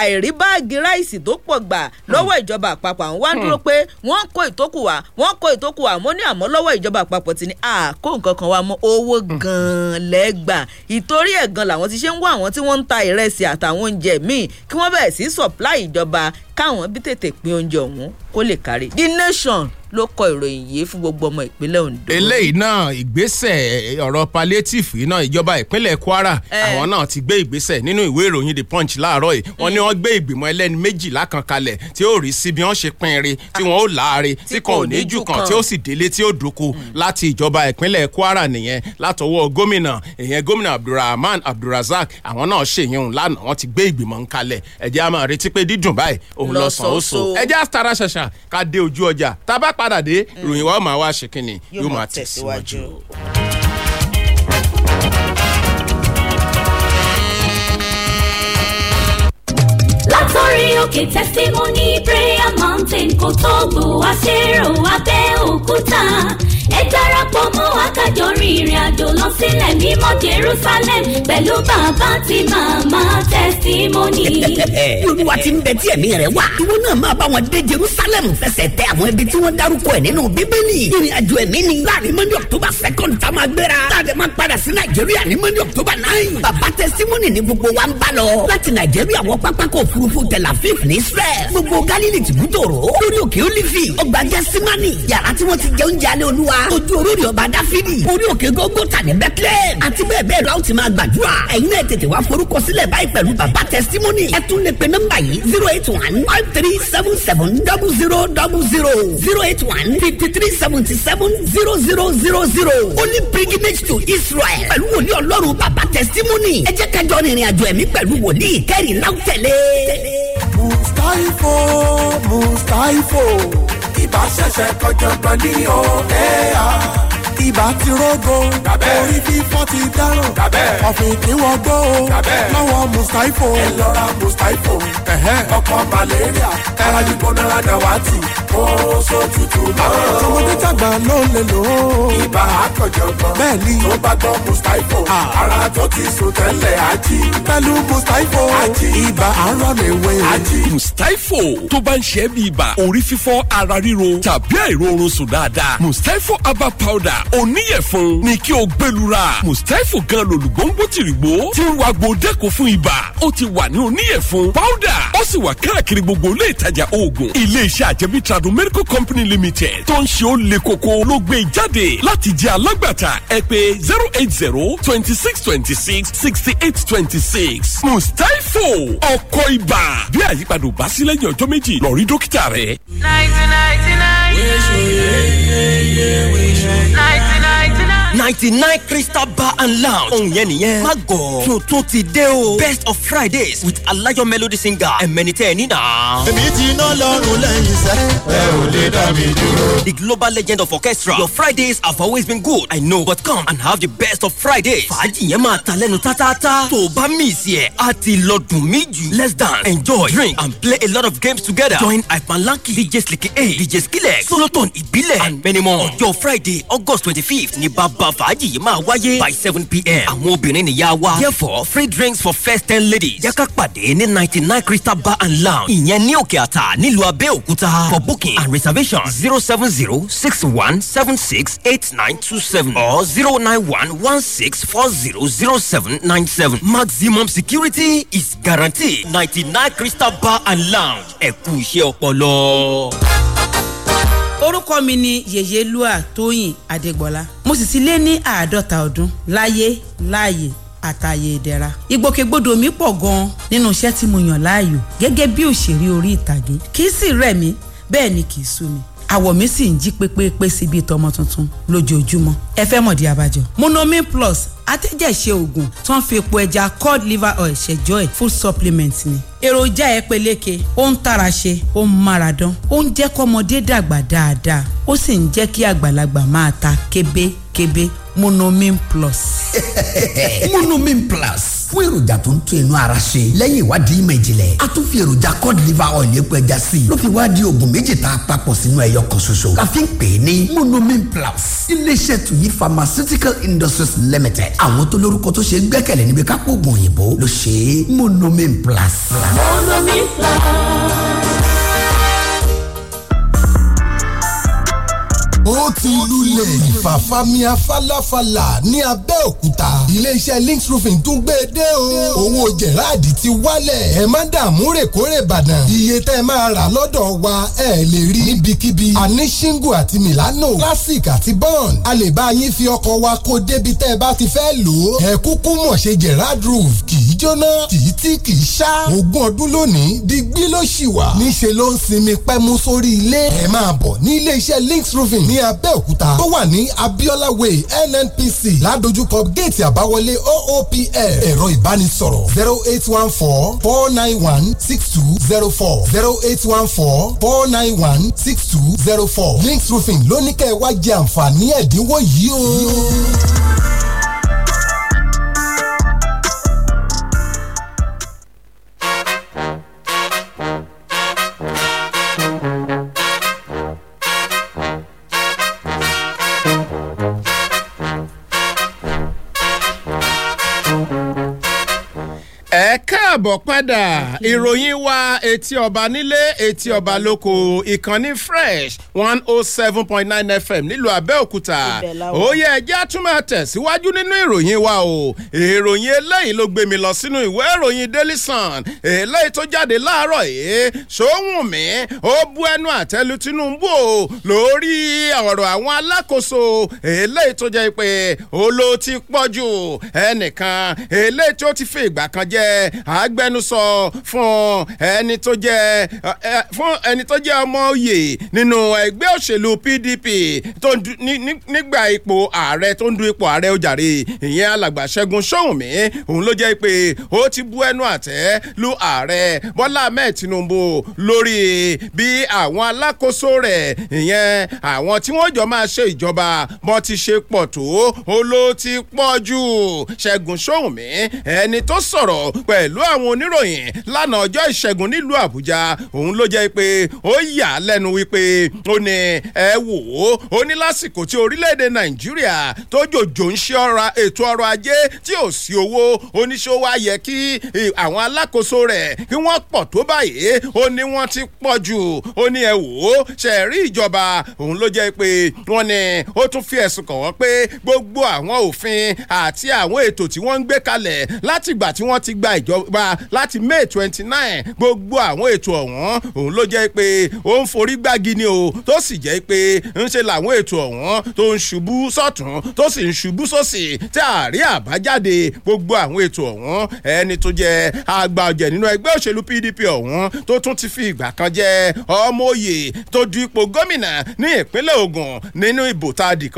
àìrí báàgì ráìsì tó pọ̀ gbà lọ́wọ́ ìjọba àpapọ̀ àwọn wá ń hmm. dúró pé wọ́n kó ìtókù wá wọ́n kó ìtókù wá mo ní àmọ́ lọ́wọ́ ìjọba àpapọ̀ ti ní àkó nǹkan kan wá mọ́ owó gan-an lẹ́gbà ìtorí ẹ̀ gan làwọn ti ṣe ń wá àwọn tí wọ́n ń ta ìrẹsì àtàwọn oúnjẹ míì kí wọ́n bẹ̀rẹ̀ sí supply ìjọba káwọn bí tètè pín oúnjẹ ọ̀hún kó lè kárí. The Nation ló kọ ìròyìn yìí fún gbogbo ọmọ ìpínlẹ̀ Ondo. eléyìí náà ìgbésẹ̀ ọ̀rọ̀ palliative iná ìjọba ìpínlẹ̀ Kwara àwọn náà ti gbé ìgbésẹ̀ nínú ìwé ìròyìn The Punch láàárọ̀ yìí wọ́n ní mm. wọ́n gbé ìgbìmọ̀ ẹlẹ́ni méjìlá kan tí ó rí sí bí wọ́n ṣe pín tí wọ́n ó láre ah, tí kan ní jù kan tí ó sì délé tí ó dúnkù mm. láti ìjọba ìpínlẹ̀ Kwara nìyẹn látọwọ́ gómìnà ìyẹn gómìnà Abdulrahman Abdulrazak àwọn náà ṣèyún lánàá wọ́n ti gbé ìgbìmọ̀ ń kalẹ̀ ẹ̀jẹ̀ a máa retí pé dídùn báyìí òun lọ́sàn-án ó so ẹ̀jẹ̀ àtàrà ṣàṣà ká dé ojú ọjà tábàpá padà dé mm. ìròyìn wa ó máa wá ṣe kínni yóò máa tẹ̀síwájú. látọ̀rí òkè testimony prayer mountain kò tó gbòwá ṣèrò abẹ́ òkúta ẹ darapọ̀ mọ́ wa ká jọ rin ìrìn àjò lọ sílẹ̀ mímọ́ Jerusalem pẹ̀lú bàbá àti màmá testimony. olúwa ti ń bẹ tí ẹ̀mí rẹ̀ wà ìwọ náà máa bá wọn dé Jerusalem fẹsẹ̀ tẹ àwọn ibi tí wọ́n dárúkọ ẹ̀ nínú bíbélì ìrìn àjò ẹ̀mí ni láàrin monday october second tá a máa gbéra tá a lè máa padà sí nàìjíríà ní monday october nine bàbá testimony ni gbogbo wa ń bá lọ láti nàìjíríà wọ pápákọ̀ òfurufú tel aviv ní israel gbogbo galilei tìbútòrò lórí òkè olivi ọgbà Simani. yàrá tí wọ́n ti jẹ oúnjẹ alẹ́ olúwa wa ojú orúurì ọba dáfídì orí òkè gógótà ní bethlehem àti bẹ́ẹ̀ bẹ́ẹ̀ lọ àwọn ti máa gbàdúrà ẹ̀yin náà tètè wá forúkọ sílẹ̀ báyìí pẹ̀lú bàbá testimony ẹ tún lè pe nọ́mbà yìí zero eight one five three seven seven double zero double zero zero eight one fifty three seventy seven zero zero zero zero only pilgrimage to israel pẹ̀lú wòlíì ọlọ́run bàbá testimony ẹ jẹ́ kájọ rìnrìn àjò ẹ̀mí pẹ̀lú wòlíì kẹ́rì láwùtẹ̀lé. mustaifo mustaifo bá ṣẹ̀ṣẹ̀ kọjọ your ní òkè á. ibà ti rógo orí fífọ́ ti dáràn ọ̀fìn kí wọ́n gbó o lọ́wọ́ mùsítáífò. ẹ lọ ra mùsítáífò ọkọ̀ malaria ara yípo náírà dàwátì ó so tutù náà. tọmọdé tàgbà ló lè lò ó. ibà àkànjọ̀gbọ́n bẹ́ẹ̀ ni tó bá gbọ́ mùsítáífò ara tó ti sùn tẹ́lẹ̀ ají. pẹ̀lú mùsítáífò ají ibà arán lè wé. ají mùsítáífò tó bá ń ṣe é bí ibà orí fífọ́ ara ríro tàbí àìróorun sùn dáadáa mùsítáífò herbal powder oníyẹ̀fun ni kí o gbẹlura mustapha gan lòlùgbòǹgbò tìrìgbò ti ń wa gbòdẹ́kọ̀ fún ibà ó ti wà ní oníyẹ̀fun powder ó sì wà káàkiri gbogbo ilé ìtajà oògùn iléeṣẹ́ àjẹmí tradu medical company limited tó ń ṣe ó le koko ló gbé e jáde láti jẹ́ alágbàtà ẹ pè zero eight zero twenty six twenty six sixty eight twenty six mustapha ọkọ̀ ibà bí àyípadà ò bá sí lẹ́yìn ọjọ́ méjì lọ rí dókítà rẹ. ninety ninety nine ninety nine crystal bar and lounge ohun yẹn nìyẹn má gọ̀ tuntun ti dé o best of fridays with alayọ melody singer ẹ̀mẹ́nitẹ́ ẹ̀ nínà. èmi ti iná lọ́rùn lẹ́yìn sẹ́ ẹ ò lè dá mi dúró. the global legend of orchestra your fridays have always been good i know but come and have the best of fridays. fàájì yẹn máa ta lẹ́nu tátátá tó o bá miss yẹ a ti lọ dùn mí jù. let's dance enjoy drink and play a lot of games together join aipalanki dj sliki a dj skillet soloton ibile and many more. ọjọ́ friday august twenty fifth Ni bàbá fàájì yìí máa wáyé by seven pm. àwọn obìnrin nìyá wa. therefore free drinks for first ten ladies. yàkà pàdé ní ninety nine crystal bar and lounge. ìyẹn ní òkè àtà nílùú abẹ́òkúta. for booking and reservation zero seven zero six one seven six eight nine two seven or zero nine one one six four zero zero seven nine seven. maximum security is guaranteed. ninety nine crystal bar and lounge. ẹ kú iṣẹ́ ọpọlọ orúkọ mi ni yèyé lua tóyìn adégbọlá mo sì ti lé ní àádọ́ta ọdún láyé láàyè àtàyè ìdẹ̀ra ìgbòkègbodò mi pọ̀ gan-an nínú iṣẹ́ tí mo yàn láàyò gẹ́gẹ́ bí òṣèré orí ìtàgé kì í sì rẹ̀ mí bẹ́ẹ̀ ni kì í sú mi àwọ̀ mi sì ń jí pépépé síbi tọmọ tuntun lójoojúmọ́ ẹ fẹ́ mọ̀dí abájọ. monomin plus atẹ́jẹ̀ṣe oògùn tí wọ́n fi epo ẹja cod liver oil ṣẹjọ́ ẹ̀ full supplement ni. èròjà ẹ peléke ó ń tara ṣe ó ń mára dán ó ń jẹ́ kọ́mọdé dàgbà dáadáa ó sì ń jẹ́ kí àgbàlagbà máa ta kébékébé monomin plus. monomin plus. fún èròjà tó ń tún inú ara ṣe lẹ́yìn ìwádìí ìmọ̀ ìjìnlẹ̀ a tún fi èròjà cod liver oil epo ẹja sí i ló fi wá di oògùn méjì tá a papọ̀ sínú ẹyọ kan ṣoṣo la fi ń pè é ní monomin plus iléeṣẹ́ tuyi pharmaceutical industries limited àwọn tó lórúkọ tó ṣe gbẹ́kẹ̀lé níbi kápò oògùn òyìnbó ló ṣe é monomin plus. monomin plus. ó ti lulẹ̀ ìfàfàmìà falafala ní abẹ́òkúta iléeṣẹ́ links roofing tún gbé e dé o owó jẹ̀ráàdì ti wálẹ̀ ẹ má dààmú rèkórè ìbàdàn iye tẹ́ ẹ máa rà lọ́dọ̀ wa ẹ lè rí níbikíbi àní shingle àti milano classic àti bond a lè bá yín fi ọkọ̀ wa kó débi tẹ́ ẹ bá ti fẹ́ lò ó ẹ kúkú mọ̀ ṣe gerard roof kì í kìí jóná kìí tí kìí ṣá ogún ọdún lónìí digbí ló ṣì wà níṣẹ́ ló ń sinmi pẹ́mú sórí ilé ẹ máa bọ̀ ní iléeṣẹ́ links roofing ní abẹ́òkúta tó wà ní abiola way nnpc ládojúkọ géètì àbáwọlé oopl ẹ̀rọ ìbánisọ̀rọ̀ zero eight one four four nine one six two zero four zero eight one four four nine one six two zero four links roofing ló ní kẹ́ ẹ wá jẹ àǹfààní ẹ̀dínwó yìí o. káàbọ̀ padà ìròyìn wa etí ọba nílé etí ọba lóko ìkànnì fresh one oh seven point nine fm nílùú abẹ́òkúta òye ẹ̀jẹ̀ àtúmọ̀ tẹ̀síwájú nínú ìròyìn wa o ìròyìn eléyìí ló gbé mi lọ sínú ìwé ìròyìn daily sun eléyìí tó jáde láàárọ̀ yìí ṣòwùn mi ó bu ẹnu àtẹ́lu tinubu o lórí ọ̀rọ̀ àwọn alákòóso eléyìí tó jẹ́ pé olóò ti ẹnìkan eléyìí tó ti fi ìgbà kan jẹ́ àg agbẹnusọ fún ẹni tó jẹ́ fún ẹni tó jẹ́ ọmọ òye nínú ẹgbẹ́ òṣèlú PDP tó nígbà ipò ààrẹ tó ń du ipò ààrẹ ó jàre ìyẹn alàgbà Ṣẹ́gun Ṣóhùnmí òun ló jẹ́ pé ó ti bu ẹnu àtẹ́ lu ààrẹ Bọ́lá Ahmed Tinubu lórí bí àwọn alákòóso rẹ̀ ìyẹn àwọn tí wọ́n jọ máa ṣe ìjọba bọ́n ti ṣe pọ̀ tó ó ló ti pọ̀ jù Ṣẹ́gun Ṣóhùnmí ẹni tó sọ̀rọ̀ pẹ̀lú àwọn fáwọn oníròyìn lánàá ọjọ́ ìṣẹ́gun nílùú àbújá òun ló jẹ́ pé ó yà á lẹ́nu wípé ó ní ẹ wò ó ó ní lásìkò tí orílẹ̀-èdè nàìjíríà tó jòjò ń ṣe ọ̀ra ètò ọrọ̀ ajé tí ò sí owó oníṣòwò ayẹ kí àwọn alákòóso rẹ̀ kí wọ́n pọ̀ tó báyìí ó ní wọ́n ti pọ̀ jù ó ní ẹ wò ó ṣe rí ìjọba òun ló jẹ́ pé wọ́n ní ó tún fi ẹ̀sùn kàn wọ́n pé gbogbo àwọn òfin àti àwọn ètò tí wọ́n ń gbé kalẹ̀ látìgbà tí wọ́n ti gba ìjọba láti may twenty nine gbogbo àwọn ètò ọ̀wọ́n òun ló jẹ́ pé ó ń forí gbági ni o tó sì jẹ́ pé ń ṣe làwọn ètò ọ̀wọ́n tó ń ṣubú sọ́tún tó sì ń ṣubú sósì tí àárí àbájáde gbogbo àwọn ètò ọ̀wọ́n ẹni tó jẹ́ àgbà ọ̀jẹ̀ nínú ẹgbẹ́ òṣèlú PDP ọ̀wọ́n tó tún ti fi ìgbà kan jẹ́ ọmọ òye tó du ipò gómìnà ní ìpínlẹ̀ Ògùn nínú ìbò tá a dì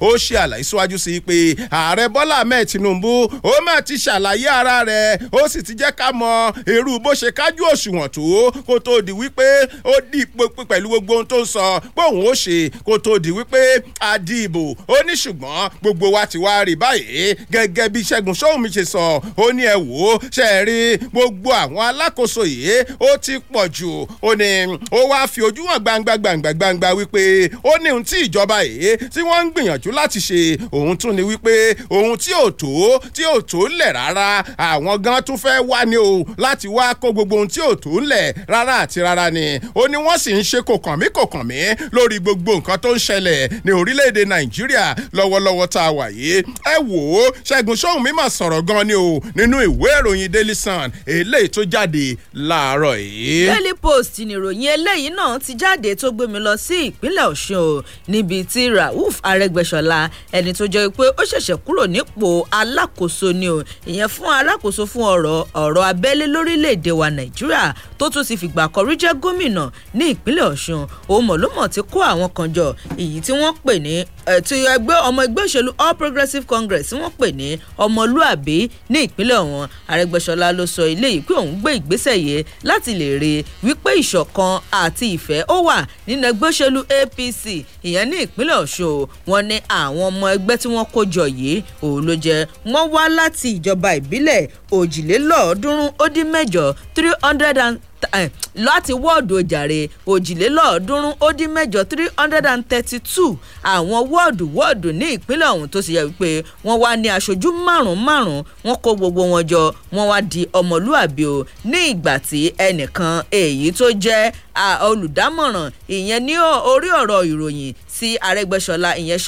ó ṣe àlàyé síwájú sí i pé ààrẹ Bọ́lá Ahmed Tinubu ó máa ti ṣàlàyé ara rẹ̀ ó sì ti jẹ́ ká mọ irú bó ṣe kájú òṣùwọ̀n tó kó tó di wípé ó di pẹ̀lú gbogbo ohun tó ń sọ pé òun ó ṣe kó tó di wípé a di ìbò ó ní ṣùgbọ́n gbogbo wa ti wá rí báyìí gẹ́gẹ́ bí Ṣẹ́gun Ṣóhùnmí ṣe sọ ó ní ẹ wò ó ṣe é rí gbogbo àwọn alákòóso yìí ó ti pọ̀ jù ó ní ó wá fi ojú hàn gbangba gbangba gbangba wípé ó ní ohun tí ìjọba yìí tí wọ́n ń gbìyànjú láti ṣe òun tún ni wípé ohun tí ò tó tí ò tó lẹ̀ rárá àwọn gan tún fẹ́ wá ni o láti wá kó gbogbo ohun tí ò tó ń lẹ̀ rárá àti rárá ni ó ní wọ́n sì ń ṣe kò kàn lórí gbogbo nǹkan tó ń ṣẹlẹ̀ ní orílẹ̀-èdè nàìjíríà lọ́wọ́lọ́wọ́ tá a wà yìí ẹ wò ó ṣẹ́gun sóhun mi sọ̀rọ̀ gan ni o nínú ìwé ìròyìn daily sun eléyìí tó jáde láàárọ̀ yìí. daily post nìròyìn eléyìí náà ti jáde tó gbé mi lọ sí ìpínlẹ̀ ọ̀ṣun o níbi tí rauf arẹgbẹsọlá ẹni tó jẹ́ pé ó ṣẹ̀ṣẹ̀ kúrò nípò alákòóso ni o ìyẹn fún alákòóso fún ọ̀rọ̀ ọ̀rọ̀ abẹ́lé lórílẹ̀‐èdè wa nàìjíríà tó tún ti fìgbà kọrí jẹ́ gómìnà ní ìpínlẹ̀ ọ̀ṣun òun mọ̀lúmọ̀ ti kó àwọn kan jọ èyí tí wọ́n pè ní ti ẹgbẹ́ ọmọ ẹgbẹ́ òṣèlú all progressives congress tí wọ́n pè ní ọmọlúàbí ní ìpínlẹ̀ ọ̀hún àrẹgbẹ́sọlá ló sọ ilé yìí pé òun gbé ìgbésẹ̀ yìí láti lè rí i wípé ìṣọ̀kan àti ìfẹ́ ó wà nínú ẹgbẹ́ òṣèlú apc ìyẹn ní ìpínlẹ̀ ọ̀ṣun wọn ní àwọn ọmọ ẹgbẹ́ tí wọ́n kó jọ yìí òun ló jẹ́ wọ́n wá láti ìjọba ìbílẹ̀ òjìlélọ́ọ̀ọ́dúnrún ó dín mẹ́jọ three hundred and Eh, láti wọ́ọ̀dù ojàre òjìlélọ́ọ̀ọ́dúnrún ó dín mẹ́jọ three hundred and thirty two àwọn wọ́ọ̀dù wọ́ọ̀dù ní ìpínlẹ̀ ọ̀hún tó sì yẹ wípé wọ́n wá ní aṣojú márùn-ún márùn-ún wọ́n kó gbogbo wọn jọ wọ́n wá di ọmọlúàbí o ní ìgbà tí ẹnìkan èyí tó jẹ́ olùdámọ̀ràn ìyẹn ní orí ọ̀rọ̀ ìròyìn tí Arẹ́gbẹ́ṣọlá ìyẹn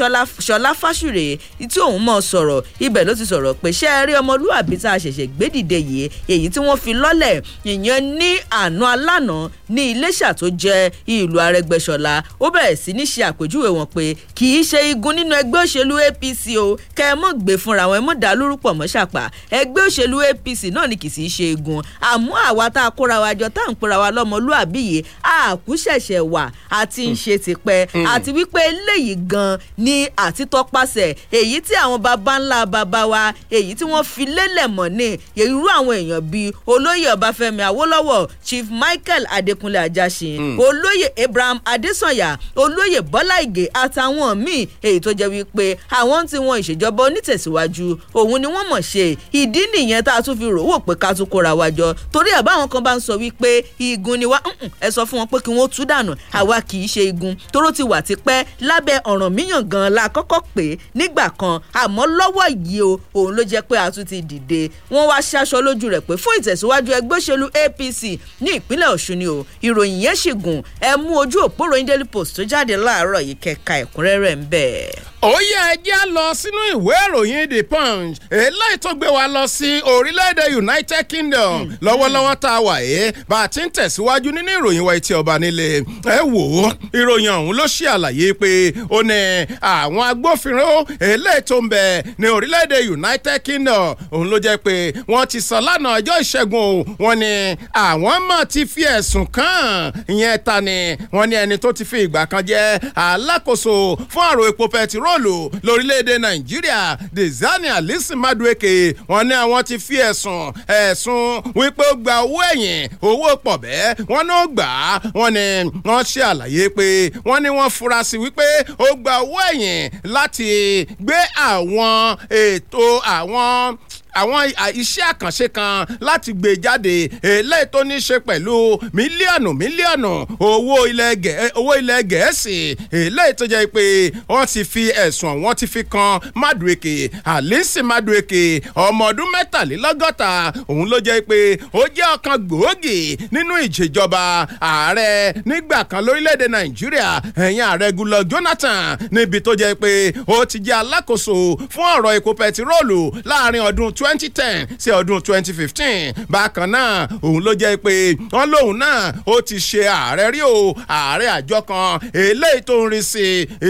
Ṣọlá Fásùrè tí òun mọ̀ sọ̀rọ̀ ibẹ̀ ló ti sọ̀rọ̀ pé ṣé rí ọmọlúwàbí tá a ṣẹ̀ṣẹ̀ gbé dìde yìí èyí tí wọ́n fi lọ́lẹ̀ ìyẹn ní àná alánà ní Iléṣà tó jẹ́ ìlú Arẹ́gbẹ́ṣọlá ó bẹ̀rẹ̀ sí ní ṣe àpèjúwe wọn pé kì í ṣe igun nínú ẹgbẹ́ òṣèlú APC o kẹ́ ẹ mọ̀ gbé fúnra wọn ẹ mọ̀ dá lórúkọ mọ́ ṣàpà ẹgbẹ́ òṣèlú APC náà ni kì í ṣe igun àmọ́ àwa tá a kóra wa jọ tá à ń pera wa lọ́mọlúwàbí yìí àkúṣẹ̀ṣẹ̀ wà àti ń ṣe tipẹ́ mm. àti wípé pé eléyìí gan ni àtitọ́pasẹ̀ èyí tí àwọn baba ńlá baba wa èyí tí wọ́n fi lélẹ̀ mọ̀ ní irú àwọn èèyàn bíi olóyè ọbáfẹ́mi awólọ́wọ̀ chief michael adékúnlé ajásìn hmm. olóyè abraham adésànyà olóyè bọ́lá ìgè àtàwọn míì èyí tó jẹ́ wípé àwọn tí wọn ìṣèjọba onítẹ̀síwájú òun ni wọ́n mọ̀ ṣe ìdí nìyẹn tá a tún fi rò wò pé ká tún kóra wa jọ torí àbá àwọn kan bá ń sọ wípé igun ni wá ẹ sọ fún wọn pé kí wọ́n tú dànù àwa kì í ṣe igun tóró ti wà tipẹ́ lábẹ́ ọ̀ràn míyàn gan la kọ́kọ́ pè é nígbà kan àmọ́ lọ́wọ́ yìí o òun ló jẹ́ pé a tún ti dìde wọ́n wá ṣaṣọ lójú rẹ̀ pé fún ìtẹ̀síwájú ẹgbẹ́ òṣèlú APC ní ìpínlẹ̀ Ọ̀ṣun ni o ìròyìn yẹn ṣì gùn ẹ mú ojú òpó ròyìn Daily Post tó jáde láàárọ̀ yìí kẹ́ka ẹ̀kúnrẹ́rẹ́ ń bẹ̀ ó yẹ ẹjẹ́ lọ sínú ìwé ìròyìn the punch eléyìí tó gbé wa lọ sí orílẹ̀-èdè united kingdom hmm. lọ́wọ́lọ́wọ́ tá a wà yé bá a ti ń tẹ̀síwájú nínú ìròyìn wa etí ọba nílé ẹ wò ó ìròyìn ọ̀hún ló ṣe àlàyé pé ó ní àwọn agbófinró eléyìí tó ń bẹ ní orílẹ̀-èdè united kingdom òun ló jẹ́ pé wọ́n ti sọ lánàá ọjọ́ ìṣẹ́gun wọn ni àwọn mọ̀ ti fi ẹ̀sùn kàn ìyẹn ta ni wọ́n ní ẹni tó ti fi ìgbà kan jẹ́ alákòóso fún àrò epo pẹtiró bẹntiróòlù lórílẹ̀‐èdè nàìjíríà Dizaani Alison Madueke wọ́n ní àwọn ti fi ẹ̀sùn ẹ̀sùn wípé ó gba owó ẹ̀yìn owó pọ̀bẹ́ wọ́n ní ó gbà á wọ́n ní wọ́n ṣe àlàyé pé wọ́n ní wọ́n fura sí wípé ó gba owó ẹ̀yìn láti gbé àwọn ètò àwọn àwọn iṣẹ́ àkànṣe kan láti gbé jáde eléyìí tó ní í ṣe pẹ̀lú mílíọ̀nù mílíọ̀nù owó ilẹ̀ eh, gẹ̀ẹ́sì eléyìí tó jẹ́ pé wọ́n ti fi ẹ̀sùn wọ́n ti fi kan Madueke Alice Madueke ọmọ ọdún mẹ́tàlélọ́gọ́ta òun ló jẹ́ pé ó jẹ́ ọ̀kan gbòógì nínú ìjìjọba ààrẹ nígbà kan lórílẹ̀‐èdè Nàìjíríà ẹ̀yìn ààrẹ Goodluck Jonathan níbi tó jẹ́ pé ó ti jẹ́ alákòóso fún ọ̀rọ̀ epo pẹtiróòlù láàrin ọdún twenty ten sí ọdún twenty fifteen bákan náà òun ló jẹ́ pé wọ́n lóun náà ó ti ṣe ààrẹ rí o ààrẹ àjọ kan eléyìí tó ń rí sí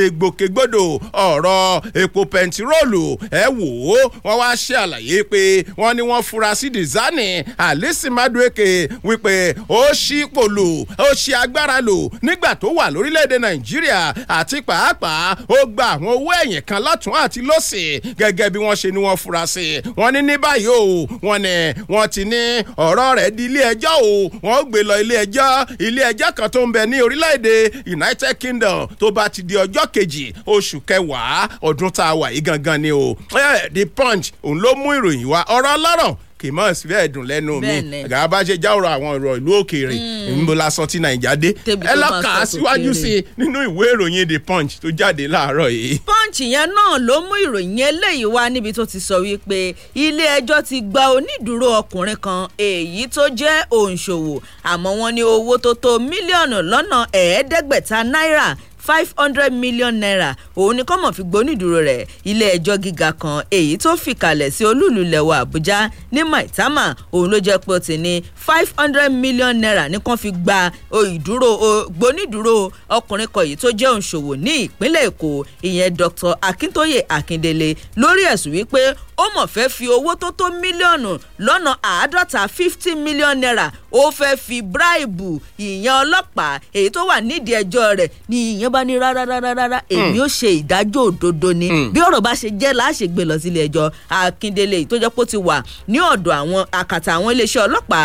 ìgbòkègbodò ọ̀rọ̀ epo pẹntiróòlù ẹ wò ó wọ́n wá ṣe àlàyé pé wọ́n ní wọ́n fura sí dizani alice madueke wípé ó ṣí ipò lò ó ṣe agbára lò nígbà tó wà lórílẹ̀‐èdè nàìjíríà àti pàápàá ó gba àwọn owó ẹ̀yìn kan lọ́tún àti lọ́sìn gẹ́gẹ́ bí wọ́n ṣe ni wọ́n fura sí wọ́n ní ní ní báyìí o wọ́n ní wọ́n ti ní ọ̀rọ̀ rẹ̀ di ilé ẹjọ́ o wọ́n gbé lọ ilé ẹjọ́ ilé ẹjọ́ kan tó ń bẹ ní orílẹ̀-èdè United Kingdom tó bá ti di ọjọ́ kejì oṣù kẹwàá ọdún tá a wà yìí gangan ni o eh, The Punch òun ló mú ìròyìn wá ọ̀rọ̀ ọlọ́rọ̀ kì í mọ̀ sí bẹ́ẹ̀ dùn lẹ́nu mi àgbà bá ṣe jáwòrò àwọn ọ̀rọ̀ ìlú òkèèrè hmm. ìmúbo la sọ ti nàìjà dé ẹ lọ́kà síwájú sí i nínú ìwé ìròyìn the punch tó jáde láàárọ̀ yìí. punch yẹn náà ló mú ìròyìn eléyìí wá níbi tó ti sọ wípé ilé ẹjọ́ ti gba onídùúró ọkùnrin kan èyí tó jẹ́ òǹṣòwò àmọ́ wọn ní owó tó tó mílíọ̀nù lọ́nà ẹ̀ẹ́dẹ́gbẹ̀ta náírà five hundred million naira òun ni kọ́mọ̀ fi gbónídùúró rẹ̀ ilé ẹjọ́ gíga kan èyí tó fìkàlẹ̀ sí olúùlú lẹ̀wọ̀ àbújá ní maitama òun ló jẹ́ pé ó ti ní five hundred million naira ní kàn fi gba ìdúró gbónídùúró ọkùnrin kan yìí tó jẹ́ òǹṣòwò ní ìpínlẹ̀ èkó ìyẹn dr akintoye akindele lórí ẹ̀sùn wípé ó mọ̀ fẹ́ fi owó tó tó mílíọ̀nù lọ́nà àádọ́ta fifty million naira ó fẹ́ fi bíráìbù ìyẹn ọlọ́pàá èyí tó wà nídìí ẹjọ́ rẹ̀ ni ìyẹn bá ní rárá rárá rárá èmi hmm. ó ṣe ìdájọ́ òdodo ni hmm. bí ọ̀rọ̀ bá ṣe jẹ́ láṣẹ gbé lọ sílé ẹjọ́ Akíndélé tó jẹ́ pé ó ti wà ní ọ̀dọ̀ àwọn àkàtà àwọn iléeṣẹ́ ọlọ́pàá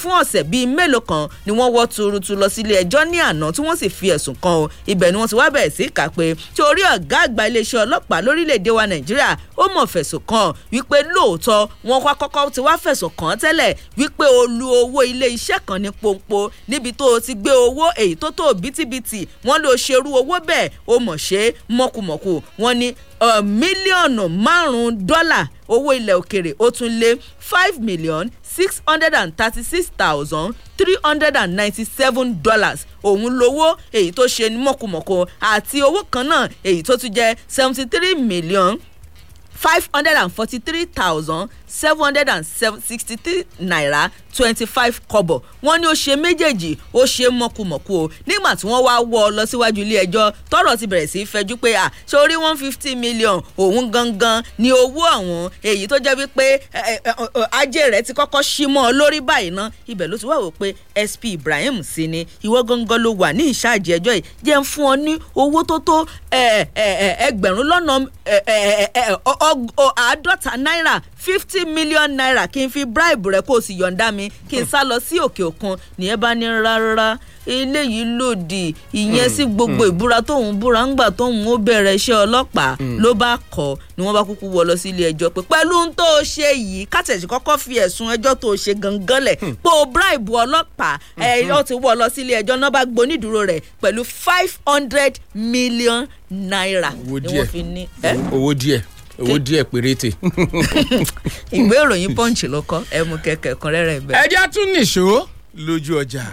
fún ọ̀sẹ̀ bíi mélòó kan ni wọ́n wọ́ tuurutu lọ sílé ẹjọ́ ní àná tí wọ́n sì fi ẹ̀sùn kan o ibẹ̀ ni wọ́n ti wá bẹ̀rẹ̀ sí kà pé tí orí ọ̀gá àgbà iléeṣẹ́ ọlọ́pàá lórílẹ̀‐èdè wa Nàìjíríà ó mọ̀ fẹ̀sùn kan wípé lóòótọ́ wọn kọ́kọ́ ti wá fẹ̀sùn kan tẹ́lẹ̀ wípé ó lu owó ilé iṣẹ́ kan ní pòǹpò níbi tó o ti gbé owó èyí tó tó bìtìbìtì wọ́n lọ ṣerú owó bẹ́ẹ̀ o mọ̀ ṣe mọ̀kùmọ̀kù wọ́n ní mílíọ̀nù márùn-ún dọ́là owó ilẹ̀ òkèrè ó tún lé five million six hundred and thirty-six thousand three hundred and ninety-seven dollars òun lówó èyí tó ṣe ní mọ̀kùmọ̀kù àti owó kan náà èyí tó tún jẹ́ seventy-three million five hundred and forty-three thousand seven hundred and sixty three naira twenty five kobo. wọ́n ní ó ṣe méjèèjì ó ṣe mọ̀kùmọ̀kù o nígbà tí wọ́n wáá wọ́ ọ lọ síwájú ilé ẹjọ́ tọ́rọ̀ ti bẹ̀rẹ̀ sí í fẹjú pé à sórí one fifty million òun gangan ni owó àwọn èyí tó jẹ́ wípé ajé rẹ̀ ti kọ́kọ́ ṣí mọ́ ọ lórí báyìí ná ibẹ̀ ló ti wá wò pé sp ibrahim sí ni ìwọ gangan ló wà ní ìṣáàjì ẹjọ́ yìí jẹ́ ń fún ọ ní owó tó tó ẹgbẹ̀rún lọ́nà àádọ́ta náírà fifty million naira kí n fi bribe rẹ kó o sì yọ̀ǹda mi kí n hmm. sá lọ sí òkè òkun nìyẹn bá ní rárá eléyìí lòdì ìyẹn hmm. sí gbogbo hmm. ìbúra tóun búra ńgbà tóun ó bẹ̀rẹ̀ iṣẹ́ ọlọ́pàá ló bá kọ́ ni wọ́n bá kúkú wọ lọ sí ilé ẹjọ́ pé pẹ̀lú ohun tó o ṣe yìí kátẹ̀sí kọ́kọ́ fi ẹ̀sùn ẹjọ́ tó o ṣe gangan lẹ̀ pé o bribe ọlọ́pàá ẹ̀ ọ́ ti wọ lọ sí ilé ẹjọ́ náà bá gbonídùúró rẹ̀ pẹ̀lú five hundred million naira ni wọ́n fi ní. owó díẹ̀ owó díẹ̀ péréte. ìwé ìròyìn punch ló kọ ẹ mú kẹkẹ kan rẹ́rẹ́ bẹ́ẹ̀. ẹja tún nìṣó lójú ọjà.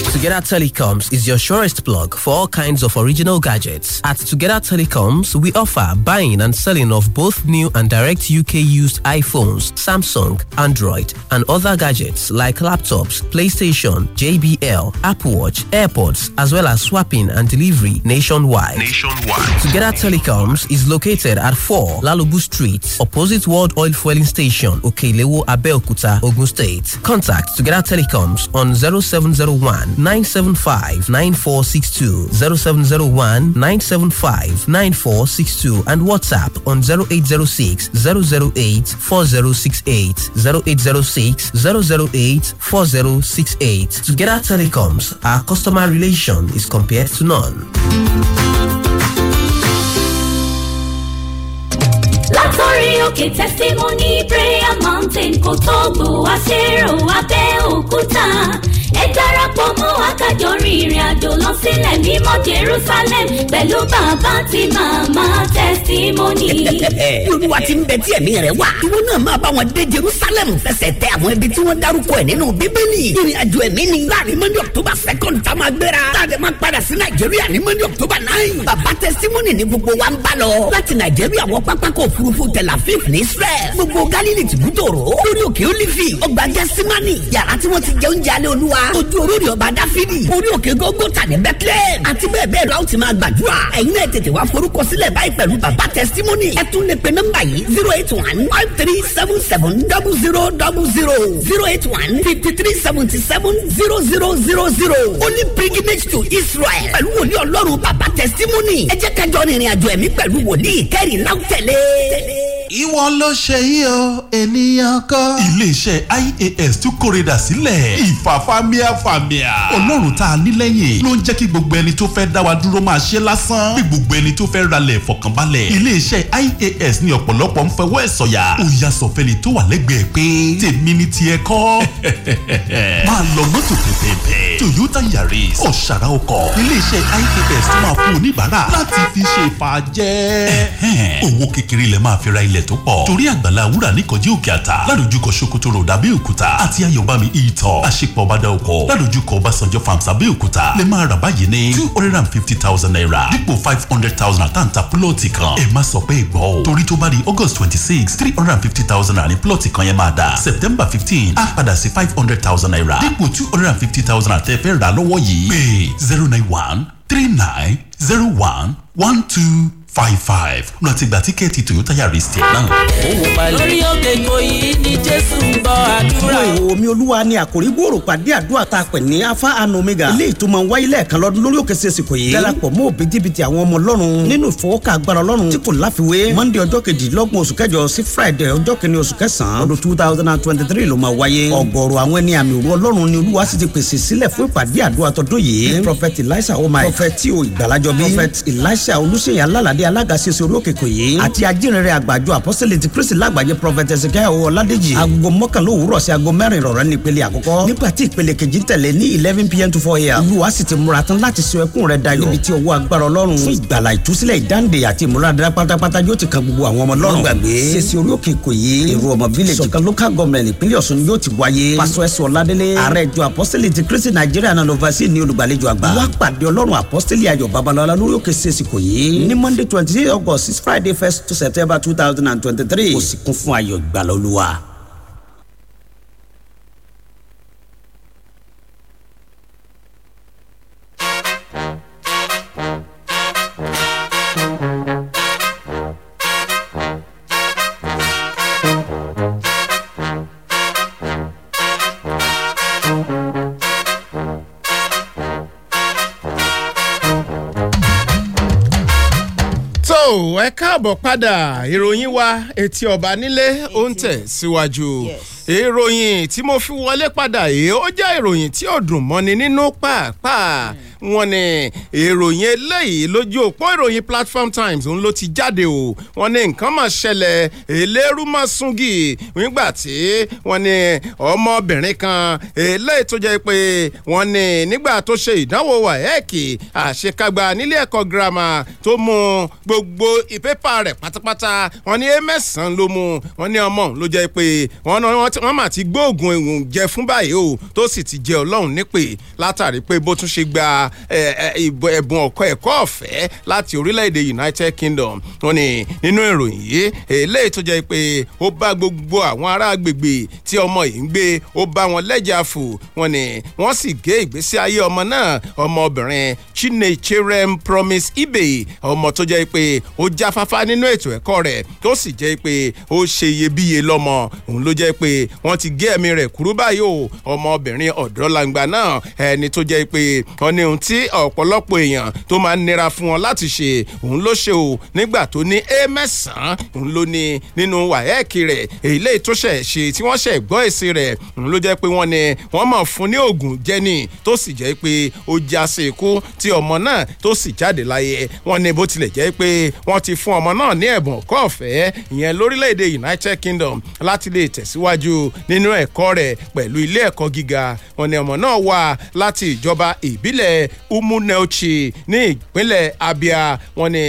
Together Telecoms is your surest plug for all kinds of original gadgets. At Together Telecoms, we offer buying and selling of both new and direct UK used iPhones, Samsung, Android, and other gadgets like laptops, PlayStation, JBL, Apple Watch, AirPods, as well as swapping and delivery nationwide. Nationwide. Together Telecoms is located at 4 Lalubu Street, opposite World Oil Fueling Station, Okelewo, Abeokuta, Ogun State. Contact Together Telecoms on 0701 975 975 9462, and WhatsApp on 0806 008 4068, 0806 008 4068. Together Telecoms, our customer relation is compared to none. látọ̀rí òkè testimony prayer mountain kò tó gbòó aṣèrò abẹ́òkúta ẹ darapọ̀ mọ́ wa ká rin ìrìn àjò lọ sílẹ̀ mímọ́ Jerusalem pẹ̀lú bàbá àti màmá testimony. olúwa ti ń bẹ tí ẹ̀mí rẹ̀ wà ìwọ náà máa bá wọn dé Jerusalem fẹsẹ̀ tẹ àwọn ibi tí wọ́n dárúkọ ẹ̀ nínú bíbélì ìrìn àjò ẹ̀mí ni láàrin mọ́ndé October second tá a máa gbéra láàrin máa padà sí Nàìjíríà ní mọ́ndé October nine bàbá testimony ni gbogbo wa ń bá lọ láti Nàìjíríà wọ pápákọ̀ òfurufú Tel Aviv ní Israel gbogbo Galilee tìbútòrò lórí òkè Olivi ọgbà Gẹ́símánì yàrá tí wọ́n ti jẹ wa ojú orúurì ọba dáfídì orí òkè gógótà ní bethlehem àti bẹ́ẹ̀ bẹ́ẹ̀ lọ ti máa gbàdúrà ẹ̀yin náà tètè wá forúkọ sílẹ̀ báyìí pẹ̀lú bàbá testimony ẹ tún lè pe nọ́mbà yìí zero eight one five three seven seven double zero double zero zero eight one fifty three seventy seven zero zero zero zero only pilgrimage to israel pẹ̀lú wòlíì ọlọ́run bàbá testimony ẹ jẹ́ kájọ rìnrìn àjò ẹ̀mí pẹ̀lú wòlíì kẹ́rì náà tẹ̀lé ìwọ ló ṣe yìí o ènìyàn kọ́. iléeṣẹ́ ias tún kórèdà sílẹ̀ ìfàfàmìàfàmìà. ọlọ́run tá a ní lẹ́yìn ló ń jẹ́ kí gbogbo ẹni tó fẹ́ dá wa dúró máa ṣe lásán bí gbogbo ẹni tó fẹ́ ralẹ̀ fọkànbalẹ̀. iléeṣẹ́ ias ní ọ̀pọ̀lọpọ̀ ń fẹwọ́ ẹ̀ sọ̀yà ó yà sọ̀fẹ́ni tó wà lẹ́gbẹ̀ẹ́ pé tèmi ni tiẹ̀ kọ́. máa lọ mọ́tò pẹ̀pẹ̀pẹ̀ toyota yaris ọ̀sára ọkọ̀ iléeṣẹ́ ias máa fún oníbàárà láti fi ṣe ìfàjẹ́. owó kékeré lẹ máa fi ra ilẹ̀ ilẹ̀ tó pọ̀ torí àgbàlá wúrà níkànjí òkè àtà ládojúkọ sokoto road abẹ́òkúta àti ayọ̀bámi ìtàn àṣepọ̀ bàdà ọkọ̀ ládojúkọ ọbásanjọ́ farms abẹ́òkúta lè máa rà báyìí ní two hundred and fifty thousand naira dípò five hundred thousand àtàǹtà púlọ̀tì kan ẹ má sọ pé ẹ gbọ́ o torí tó bá di august twenty six three hundred and fifty thousand naira ní púlọ̀tì kan yẹn máa dà september fifteen á padà sí five hundred thousand naira dípò two hundred and fifty thousand àtẹ́fẹ́ rà lọ́wọ́ yìí pé zero nine one three nine zero one one two five five lọ ti gba tíkẹ́ẹ̀tì Toyota Yaris tiẹ̀ náà. lórí òkè Ìkòyí ni Jésù ń bọ̀ àdúrà. ìwọ omi olúwa ni àkòrí gbòòrò pàdé àdúrà tá a ní alpha and ilé ìtumọ̀ ń wáyé lẹ́ẹ̀kan lọ́dún lórí òkè sèse kò yé. darapọ̀ mọ́ òbí jìbìtì àwọn ọmọ lọ́run nínú ìfowókà agbára ọlọ́run tí kò láfiwé. monde ọjọ́ kejìlélọ́gbọ̀n oṣù ọládé alága ṣẹṣẹ orí òkè kòyí àti ajínrere àgbàjọ àpọ́sẹ̀lẹ̀ ti kristi lágbàjẹ prọfẹtẹ ṣẹkẹ́ ọ̀ ọládèjì agogo mọ́kànlá òwúrọ̀ sí agogo mẹ́rin ìrọ̀rẹ́ ní ìpele àkọ́kọ́ nígbà tí ìpele kejì ń tẹ̀lé ní eleven pm to four am olúwa sì ti múra tán láti sọ ẹkún rẹ̀ dayọ̀ níbi tí ọwọ́ agbára ọlọ́run fún ìgbàlà ìtúsílẹ̀ ìdáǹdè àti ìmúradá pátápátá yóò ti kan gbogbo àwọn ọmọ village ọlọ́run ní monday twenty eight august friday first to september two thousand and twenty three. ó sì kún fún ayọ̀ ìgbàlódé ẹ káàbọ̀ padà ìròyìn wa etí ọba nílé ó ń tẹ̀ síwájú. yes ìròyìn tí mo fi wọlé padà yìí ó jẹ́ ìròyìn tí ò dùn mọ́ni nínú pàápàá wọ́n ní ìròyìn eléyìí lójú òpó ìròyìn Platform Times ń ló ti jáde o wọ́n ní nǹkan máa ṣẹlẹ̀ eléérú máa sungi nígbà tí wọ́n ní ọmọbìnrin kan eléyìí tó jẹ́ pé wọ́n ní nígbà tó ṣe ìdánwò wáyẹ́ẹ̀kì àṣekágbá nílé ẹ̀kọ́ girama tó mú gbogbo ìpépà rẹ̀ pátápátá wọ́n ní mẹ́sàn-án ló mú wọ́n ní ọmọ ló jẹ́ pé wọ́n náà wọ́n ti wọ́n mà ti gbóògùn ìwọ̀n jẹ fún báyìí o tó sì ti jẹ ọlọ́run nípè látàrí pé bó tún ṣe gba ẹ̀bùn ọ̀kọ́ ẹ̀kọ́ ọ̀fẹ́ láti orílẹ̀-èdè United Kingdom wọ́n ní nínú ìròyìn yìí eléyìí tó jẹ́ pé ó bá gbogbo àwọn ará agbègbè tí ọmọ yìí ń gbé ó bá wọn lẹ́jà fò wọ́n ní wọ́n sì gé ìgbésí ayé ọmọ náà ọmọbìnrin Chinecherem Promise Ibe ọmọ tó jẹ́ pé ó jáfáfá nínú ètò ẹ̀kọ́ rẹ̀ tó sì jẹ́ pé ó ṣe iyebíye lọ́mọ òun ló jẹ́ pé wọ́n ti gé ẹ̀mí rẹ̀ kúrú báyìí o ọmọbìnrin ọ̀dọ́langba náà ẹni tó jẹ́ pé wọ́n ní ohun tí ọ̀pọ̀lọpọ̀ èèyàn tó máa ń nira fún wọn láti ṣe òun ló ṣe o nígbà tó ní e mẹ́sàn-án òun ló ní nínú wàhẹ́ẹ̀kì rẹ̀ èyí tó ṣẹ̀ ṣe tí wọ́n ṣẹ̀ gbọ́ èsì rẹ̀ òun ló jẹ́ pé wọ́n ní wọ́n mọ̀ fún ní oògùn jẹ́ni tó sì jẹ́ pé ó já sí ikú tí ọmọ náà tó sì jáde láyé wọ́n ní bó tilẹ̀ jẹ́ pé wọ́n ti fún ọmọ náà ní ẹ̀bùn ọ̀kọ́ ìyẹn lórílẹ̀‐èdè United Kingdom láti lè tẹ̀síwájú tẹ̀síwájú nínú ẹ̀kọ́ rẹ̀ pẹ̀lú ilé ẹ̀kọ́ gíga wọn ni ọmọ náà wà láti ìjọba ìbílẹ̀ umunelchi ní ìpínlẹ̀ abia wọn ni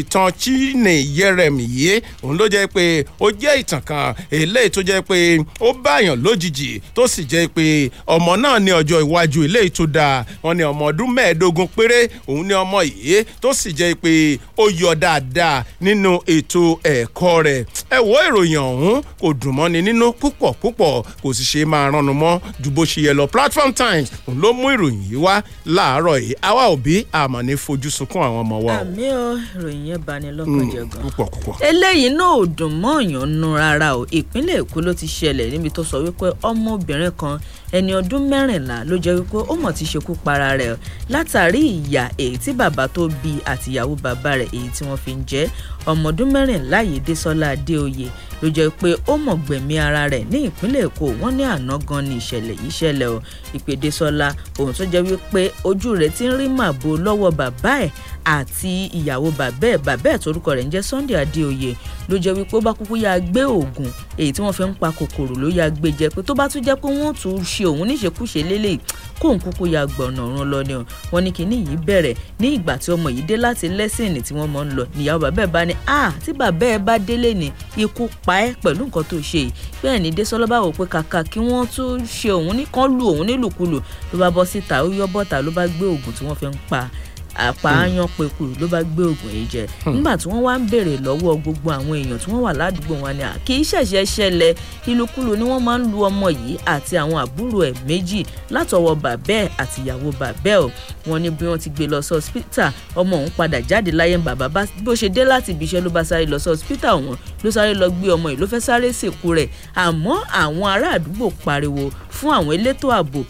ìtàn chine yeremi yìí òun ló jẹ́ pé ó jẹ́ ìtàn kan eléyìí tó jẹ́ pé ó báyàn lójijì tó sì jẹ́ pé ọmọ náà ní ọjọ́ iwájú eléyìí tó dáa wọn ni ọmọ ọdún mẹ́ẹ̀ẹ́dógún péré òun ni ọmọ yìí tó sì jẹ́ pé ó yọ dáadáa nínú ètò ẹ̀kọ́ rẹ̀ ẹ wo ìròyìn ọ̀hún kò dùn nínú púpọ̀ pọ̀ púpọ̀ kò sì ṣe máa ránu mọ́ ju bó ṣe yẹ lọ Platform Times ló mú ìròyìn yìí wá láàárọ̀ yìí àwa òbí àmọ́ ní fojú sunkún àwọn ọmọ wa. àmì ọ ìròyìn yẹn bani lọ́kàn hmm, jẹ́ gan. púpọ̀ púpọ̀. eléyìí náà ò dùn mọ́ ọ̀yàn nu rárá o ìpínlẹ̀ Èkó ló ti ṣẹlẹ̀ níbi tó sọ wípé ọmọbìnrin kan ẹni ọdún mẹ́rìnlá ló jẹ́ wípé ó mọ̀ ti ṣekú para rẹ̀ látàrí ìyà èyí tí bàbá tó bí àtìyàwó bàbá rẹ̀ èyí tí wọ́n fi ń jẹ́ ọmọ ọdún mẹ́rìnlá yìí Désọ́lá Adéoyè ló jẹ́ pé ó mọ̀ gbẹ̀mí ara rẹ̀ ní ìpínlẹ̀ Èkó wọ́n ní àná gan ni ìṣẹ̀lẹ̀ yìí ṣẹlẹ̀ o ìpè Désọ́lá ohun tó jẹ́ wípé ojú rẹ̀ ti ń rí màbo lọ́wọ́ bàbá ẹ̀ àti ìyàwó bàbẹ́ bàbẹ́ torúkọ rẹ̀ ń jẹ́ Sunday Adéoyè ló jẹ́ wípé ó bá kúkú yáa gbé oògùn èyí tí wọ́n fi ń pa kòkòrò ló yáa gbé jẹ pé tó bá tún jẹ́ pé wọ́n tún ṣe òun níṣekúṣe lélẹ̀ kóun kúkú yáa gbọ̀nà ọ̀run lọ ni wọ́n ní kinní yìí bẹ̀rẹ̀ ní ìgbà tí ọmọ yìí dé láti lẹ́sìn tí wọ́n mọ̀ ń lọ níyàwó bàbẹ́ bá ní a tí bàbẹ́ ẹ bá délé ni ikú pa ẹ́ pẹ̀lú nǹkan tó ṣe yìí bẹ́ẹ̀ ni Désọ́lá bá wò pé kàkà kí wọ́n tún ṣe òun nìkan lu òun nílùkulù ló bá bọ́ síta ó yọ́ bọ́ta ló bá gbé oògùn tí wọ́n fi ń pa àpààyàn pẹ̀kù ló bá gbé oògùn yìí jẹ hmm. nígbà tí wọ́n wá ń béèrè lọ́wọ́ gbogbo àwọn èèyàn tí wọ́n wà ládùúgbò wọn ni kì í ṣẹ̀ṣẹ̀ ṣẹlẹ̀ ìlùkulù ni wọ́n máa ń lu ọmọ yìí àti àwọn àbúrò ẹ̀ méjì látọwọ́ bàbẹ́ àti ìyàwó bàbẹ́ ọ̀ wọ́n ní bí wọ́n ti gbé lọ sí ọsibítà ọmọ òun padà jáde láyé bàbá bó ṣe dé láti ibi iṣẹ́ ló bá sáré lọ sí ọsibítà òun ló sáré lọ gbé ọmọ yìí ló fẹ́ sáré sìnkú rẹ̀ àmọ́ àwọn ará àdúgbò pariwo fún àwọn elétò ààbò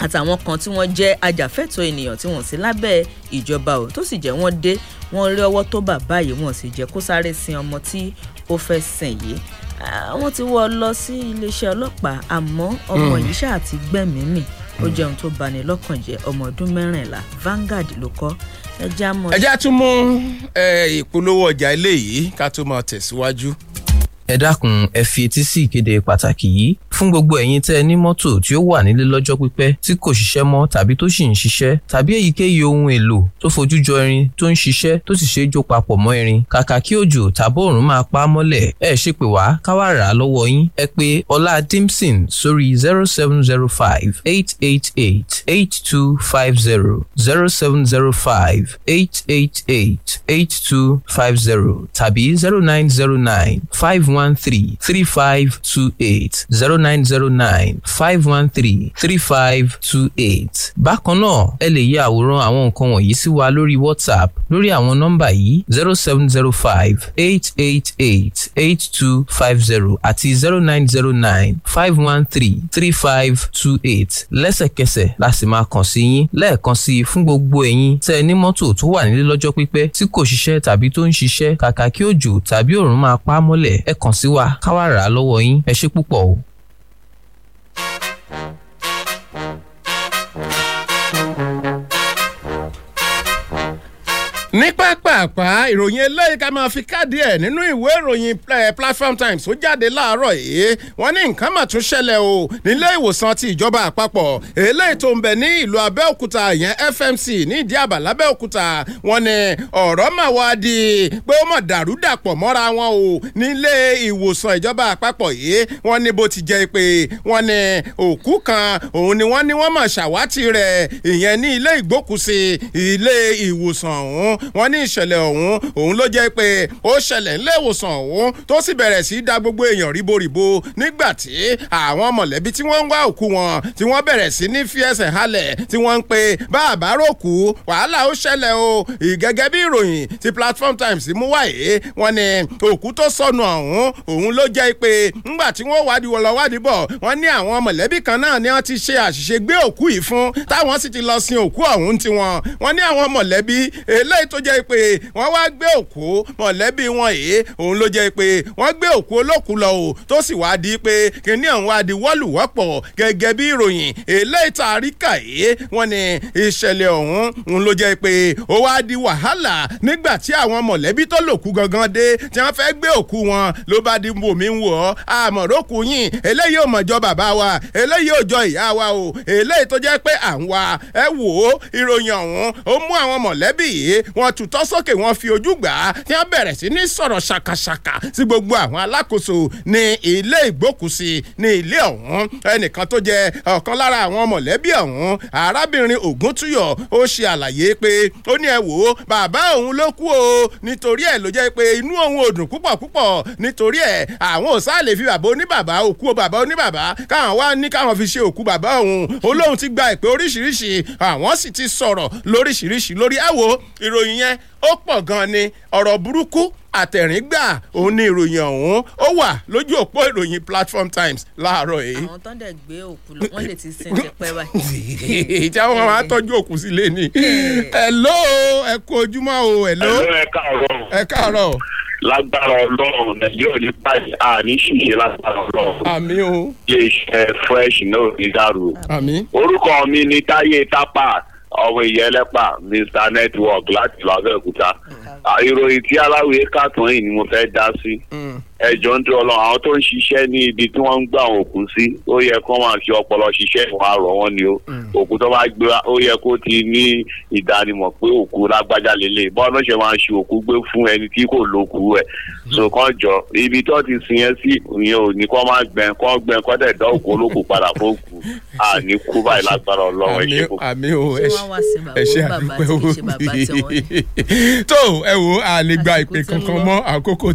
àtàwọn kan tí wọ́n jẹ́ ajàfẹ́tọ̀ọ́ ènìyàn tí wọ́n sí lábẹ́ ìjọba ò tó sì jẹ́ wọ́n dé wọ́n rí ọwọ́ tó bà báyìí wọ́n sì jẹ́ kó sáré sin ọmọ tí ó fẹ́ sìn yìí wọ́n ti wọ́ lọ sí iléeṣẹ́ ọlọ́pàá àmọ́ ọmọ yìí ṣáà ti gbẹ̀mímì ó jẹ́ ohun tó bani lọ́kàn jẹ́ ọmọ ọdún mẹ́rìnlá Vanguard ló kọ ẹja mọ. ẹja tún mú ìpolówó ọjà eléyìí ká tó máa tẹ̀síwájú. ẹ dákun ẹ fi etí sí ìkéde pàtàkì yìí fún gbogbo ẹ̀yin tẹ́ ẹ ní mọ́tò tí ó wà nílé lọ́jọ́ pípẹ́ tí kò ṣiṣẹ́ mọ́ tàbí tó sì ń ṣiṣẹ́ tàbí èyíkéyìí ohun èlò tó fojú jọ irin tó ń ṣiṣẹ́ tó sì ṣe é jó papọ̀ mọ́ irin kàkà kí òjò tàbí òòrùn máa pa á mọ́lẹ̀ ẹ ṣe pé wá ká rà á lọ́wọ́ yín ẹ pè ọlá dimson sórí zero seven zero five eight eight eight eight two five zero zero seven zero five eight eight eight eight two five zero tàbí zero nine zero nine five one three three five two eight zero nine. 0909 513 3528. bákan náà ẹ lè ya àwòrán àwọn nǹkan wọ̀nyí sí wa lórí WhatsApp lórí àwọn nọ́mbà yìí 0705 888 8250 àti 0909 513 3528. lẹ́sẹ̀kẹsẹ̀ la sì máa kàn sí yín lẹ́ẹ̀kan sí i fún gbogbo ẹ̀yin tẹ́ ẹ ní mọ́tò tó wà nílé lọ́jọ́ pípẹ́ tí kò ṣiṣẹ́ tàbí tó ń ṣiṣẹ́ kàkà kí òjò tàbí òòrùn máa pa á mọ́lẹ̀ ẹ kàn sí wa ká wá rà á lọ́wọ́ yín ẹ ṣé púpọ̀ o. ní pápápá ìròyìn eléyìí ká máa fi káàdì ẹ̀ nínú ìwé ìròyìn platform times ó jáde láàárọ̀ yìí wọ́n ní nǹkan mà tún ṣẹlẹ̀ o nílé ìwòsàn ti ìjọba àpapọ̀ eléyìí tó ń bẹ ní ìlú abẹ́òkúta ìyẹn fmc ní ìdí àbà lábẹ́òkúta wọ́n ní ọ̀rọ̀ mà wá di pé ó mọ̀ dàrúdàpọ̀ mọ́ra wọn o nílé ìwòsàn ìjọba àpapọ̀ yìí wọ́n ní bó ti jẹ́ pé wọ́n ní òkú kan òun ni wọ́n ní wọ́n mọ̀ wọ́n ní ìṣẹ̀lẹ̀ ọ̀hún òun ló jẹ́ pé ó ṣẹlẹ̀ nílé ìwòsàn ọ̀hún tó sì bẹ̀rẹ̀ sí í da gbogbo èèyàn ríboríbo nígbà tí àwọn mọ̀lẹ́bí tí wọ́n ń wá òkú wọn tí wọ́n bẹ̀rẹ̀ sí ní fi ẹsẹ̀ halẹ̀ tí wọ́n ń pe bàbá ròkú wàhálà ó ṣẹlẹ̀ o ìgẹ́gẹ́ bí ìròyìn ti Platform Times mú wáyé wọ́n ní òkú tó sọnù ọ̀hún òun ló jẹ́ pé ńgbà tí wọ́n wádìí wọ́n lọ wádìí bọ̀ wọ́n ní àwọn mọ̀lẹ́bí kan náà ni wọ́n ti ṣe àṣìṣe gbé òkú yìí fún táwọn sì ti lọ sin òkú ọ̀hún tiwọn wọ́n ní àwọn mọ̀lẹ́bí eléyìí t tó jẹ́ pé wọ́n wá gbé òkú mọ̀lẹ́bí wọn yìí òun ló jẹ́ pé wọ́n gbé òkú olókù lọ o tó sì wá di pé kíní ọ̀hún wá di wọ́lùwọ́pọ̀ gẹ́gẹ́ bí ìròyìn eléyìí tá a rí kà yìí wọ́n ní ìṣẹ̀lẹ̀ ọ̀hún òun ló jẹ́ pé ó wá di wàhálà nígbà tí àwọn mọ̀lẹ́bí tó lòkú gangan dé tí wọ́n fẹ́ gbé òkú wọn ló bá di bòmí ń wọ̀ ọ́ àmọ̀rókù yìn eléyìí ò mọ̀jọ bàbá wa eléyìí ò jọ ìyá wa o eléyìí tó jẹ́ pé à ń wa ẹ wò ó ìròyìn ọ̀hún ó mú àwọn mọ̀lẹ́bí yìí w wọ́n tutọ́ sókè wọ́n fi ojú gbà á tí wọ́n bẹ̀rẹ̀ sí ní sọ̀rọ̀ ṣàkàṣàkà sí gbogbo àwọn alákòóso ní ilé ìgbókùsí ní ilé ọ̀hún ẹnìkan tó jẹ́ ọ̀kan lára àwọn mọ̀lẹ́bí ọ̀hún arábìnrin ògúntúyọ̀ ó ṣe àlàyé pé ó ní ẹ wò ó bàbá òun ló kú o nítorí ẹ̀ ló jẹ́ pé inú òun ò dùn púpọ̀ púpọ̀ nítorí ẹ̀ àwọn ò sáà lè fi bàbá oníbàbá òkú bàbá oníbàbá káwọn wá ní káwọn fi ṣe òkú bàbá òun olóhùn ti gba ìpè oríṣiríṣi àwọn sì ti sọ̀rọ̀ lóríṣiríṣi lórí ẹ̀ wò ìròyìn yẹn ó pọ̀ gan ni ọ̀rọ̀ burúkú àtẹ̀ríngbà òun ni ìròyìn ọ̀hún ó wà lójú òpó ìròyìn platform times láàárọ̀ yìí. àwọn tó ń dẹ̀ gbé òkú lọ wọ́n lè ti sin ìpẹ́ wa. ìjà wọn máa tọ́jú òkú sílé ni. hello ẹ kú ojúmọ́ o hello. ẹ káàárọ̀. ẹ lágbára ọlọ́run nàìjíríà ní báyìí àní ṣìṣe lágbára ọlọ́run. àmín o. iléeṣẹ́ fresh náà ní dàrú. àmín. orúkọ mi ni táyé tápà ọmọ ìyẹlẹ́pà mr network láti lọ́bẹ̀òkúta mm. ìròyìn tí aláwìyé kàtún yìí ni mo fẹ́ dá sí. Mm ẹjọ ń dúró lọ àwọn tó ń ṣiṣẹ́ ní ibi tí wọ́n ń gbà òkú sí ó yẹ kó máa fi ọpọlọ ṣiṣẹ́ ìwọ̀n àrọ̀ wọn ni o mm. òkú tó bá gbé ó yẹ kó ti ní ìdánimọ̀ pé òkú lágbájá lélẹ̀ bọ́ọ̀nù ṣe máa ń ṣe òkú gbé fún ẹni tí kò lókù ẹ̀ so mm. kàn jọ ibi tó ti sin yẹn sí ìyẹn ò ní kó máa gbẹ kó gbẹ kó dẹ̀ dá òkú olókù padà fóòkù à kú báyìí lágbára ọlọ́run ẹ ṣe kó. àmì o ẹ ṣe àdúpẹ́ o tó ẹ wo àlegbà ìpè kankan mọ́ àkókò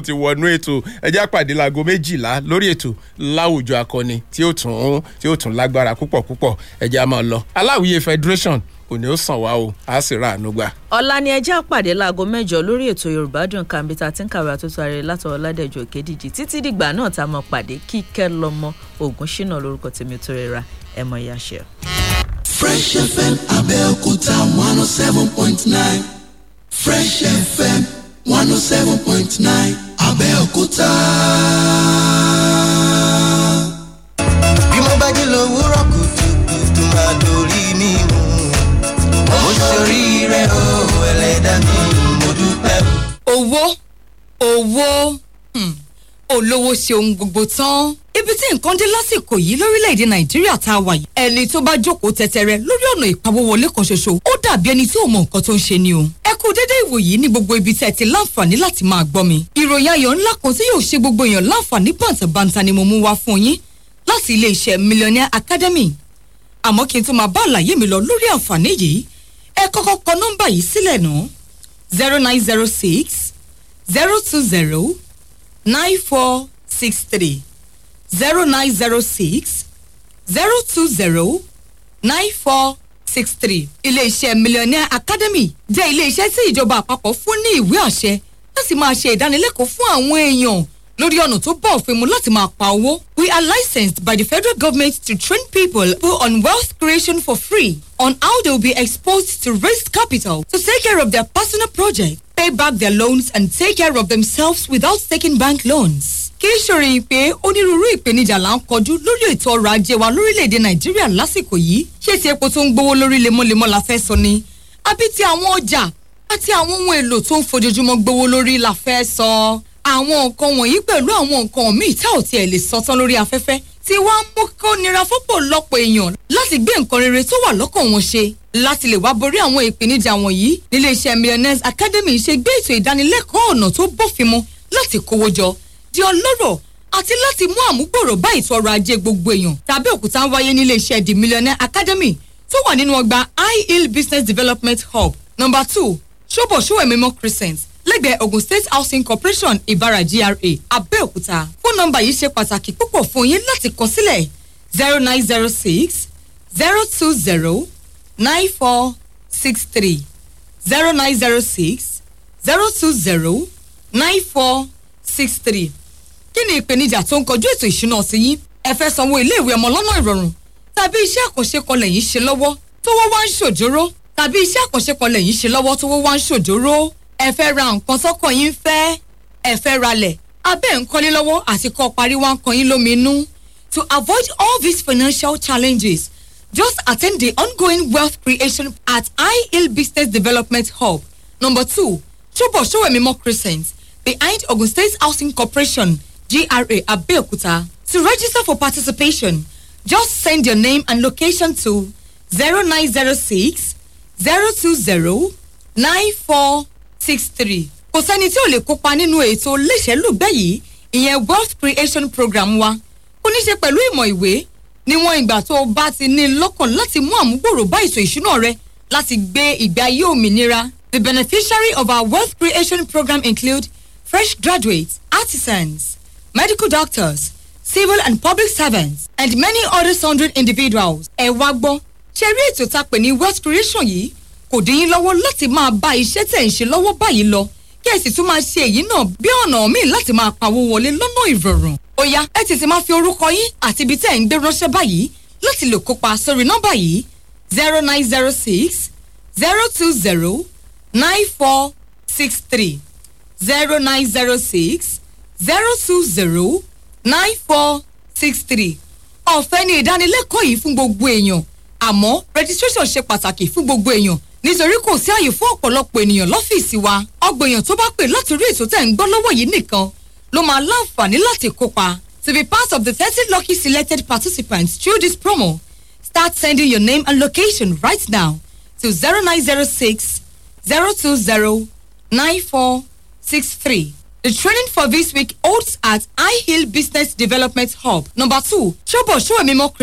tún ti wọnú ètò ẹjẹ́ àpàdé láago méjìlá lórí ètò láwùjọ akọni tí ó tún tí ó tún lágbára púpọ̀ púpọ̀ ẹjẹ́ a máa lọ aláwìyé federation òní ó sàn wá o a sì ra àánú ọ̀la ni ẹjẹ́ àpàdé láago mẹ́jọ lórí ètò yorùbá dùn kàmí ta ti ń kàwé àtúntò ààrẹ látọ̀ ọ̀làdẹ̀jọ́ kédìjì títí dìgbà náà tá a mọ̀ pàdé kíkẹ́ lọ́mọ ògùn ṣínà lórúkọ tèmi tó rẹra ẹ̀ mọ̀ yá ṣe. fresh fm abẹ́òkúta one oh seven point nine fresh fm one oh seven point nine Abẹ́òkúta. bí mo bá jí lówùúrọ̀ kùtùkùtù máa dorí mi mú mo ṣoríire o ẹlẹ́dà mi mo dúpẹ́ owó owó hmm, olówó ṣe ohun gbogbo tán ibi tí nǹkan dé lásìkò yìí lórílẹ̀‐èdè nàìjíríà tá a wà yìí ẹni tó bá jókòó tẹtẹrẹ lórí ọ̀nà ìpawówọlé kan ṣoṣo ó dàbí ẹni tí ò mọ nǹkan tó ń ṣe ni o ẹ kú dédé ìwòyí ní gbogbo ibi tẹ́ ti láǹfààní láti máa gbọ́ mi ìròyìn ayọ̀ ńlá kan tí yóò ṣe gbogbo èèyàn láǹfààní bàǹtàbàǹtà ni mo mú wá fún yín láti iléeṣẹ́ millionaire academy àmọ́ kí n tó máa bá àlàyé mi lọ lórí àǹfààní zero nine zero six zero two zero nine four six three zero nine zero six zero two zero nine four six three. iléeṣẹ́ millionaire academy jẹ́ iléeṣẹ́ tí ìjọba àpapọ̀ fún ní ìwé àṣẹ láti máa ṣe ìdánilẹ́kọ̀ọ́ fún àwọn èèyàn lórí ọ̀nà tó bá òfin mu láti máa pa owó. We are licensed by the federal government to train people on wealth creation for free on how they will be exposed to raise capital to take care of their personal project, pay back their loans and take care of themselves without taking bank loans kì í ṣòròyìn pé onírúurú ìpèníjà là ń kọjú lórí ètò ọrọ̀ ajé wa lórílẹ̀‐èdè nàìjíríà lásìkò yìí ṣé ti epo tó ń gbówó lórí lemọ́lemọ́ la fẹ́ sọ ni àbí ti àwọn ọjà àti àwọn ohun èlò tó ń fojoojúmọ́ gbówó lórí la fẹ́ sọ àwọn nǹkan wọ̀nyí pẹ̀lú àwọn nǹkan míì tá ò tiẹ̀ lè sọ tán lórí afẹ́fẹ́ tí wá ń mú kó nira fọ́pọ̀ lọ́pọ̀ èèyàn láti gbé nǹkan rere tó wà lọ́kàn wọn ṣe láti lè wá borí àwọn ìpèníjà wọ̀nyí nílé iṣẹ́ millionaires academy ṣe gbé ètò ìdánilẹ́kọ̀ọ́ ọ̀nà tó bófin mu láti kówó jọ di ọlọ́rọ̀ àti láti mú àmúgbòrò bá ètò ọrọ̀ ajé gbogbo èèyàn tàbí òkúta wáyé nílé iṣẹ́ the millionaire academy tó wà nínú ọgbà high hill business development hub number two ṣọ́bọ̀ṣọ́wẹ̀ mímọ́ crescent lẹ́gbẹ̀ẹ́ Ogun State Housing Corporation Ìbàrà GRA Abẹ́òkúta fún nọ́mbà yìí ṣe pàtàkì púpọ̀ fún yín láti kọ sílẹ̀ zero nine zero six zero two zero nine four six three zero nine zero six zero two zero nine four six three kí ni ìpèníjà tó ń kojú ètò ìṣúná ti yín ẹ fẹ́ sanwó iléèwé ọmọ lọ́nà ìrọ̀rùn tàbí iṣẹ́ àkànṣe kan lẹ́yìn ṣe lọ́wọ́ tówó wá ń ṣòjóró tàbí iṣẹ́ àkànṣe kan lẹ́yìn ṣe lọ́wọ́ tówó wá ń ṣòjóró ẹ fẹ́ ra nǹkan tọ́kàn yín fẹ́ ẹ fẹ́ ralẹ̀ abẹ́ ń kọ́lé lọ́wọ́ àti kọ́ parí wá ń kan yín lómi inú to avoid all these financial challenges just attend the ongoing wealth creation at ihill business development hub number two ṣọ́bọ̀ ṣọ́wẹ̀mímọ́ crescent behind Ogun State Housing Corporation, GRA, Abeokuta. To register for participation, just send your name and location to 0906 020 9463. Kò sẹ́ni tí ò lè kópa nínú ètò olóṣèlúgbẹ́ yìí ìyẹn Wealth Creation Program wa. Ó ní ṣe pẹ̀lú ìmọ̀ ìwé níwọ̀n ìgbà tó o bá ti ní lọ́kàn láti mú àmúgbòrò bá ètò ìṣúná rẹ láti gbé ìgbé ayé òmìnira. The beneficiary of our Wealth Creation Program include fresh graduates, artisans, medical doctors, civil and public servants, and many other sundry individuals. ẹ wá gbọ́ ṣe rí ètò tá a pè ní wealth creation yìí kò dín yín lọ́wọ́ láti máa bá iṣẹ́ tẹ̀ ń ṣe lọ́wọ́ báyìí lọ kí ẹ sì tún máa ṣe èyí náà bí ọ̀nà míì láti máa pawó wọlé lọ́nà ìrọ̀rùn. ó yá ẹ ti ti máa fi orúkọ yín àti ibi tẹ́ ẹ̀ ń gbé ránṣẹ́ báyìí láti lè kópa sórí nọ́mbà yìí zero nine zero six zero two zero nine four six three zero nine zero six zero two zero nine four six three ọ̀fẹ́ ni ìdánilẹ́kọ̀ọ́ yìí fún gbogbo èèyàn àmọ́ registration ṣe pàtàkì fún gbogbo èèyàn nítorí kò sí àyè fún ọ̀pọ̀lọpọ̀ ènìyàn lọ́fíìsì wa ọgbọ̀n èèyàn tó bá pè láti rí ètò tẹ̀ ń gbọ́ lọ́wọ́ yìí nìkan ló máa láǹfààní láti kópa to be part of the thirty lucky selected participants through this promo start sending your name and location right now to zero nine zero six zero two zero nine four The training for this week holds at I Hill Business Development Hub. Number two, Chobo Shoemimo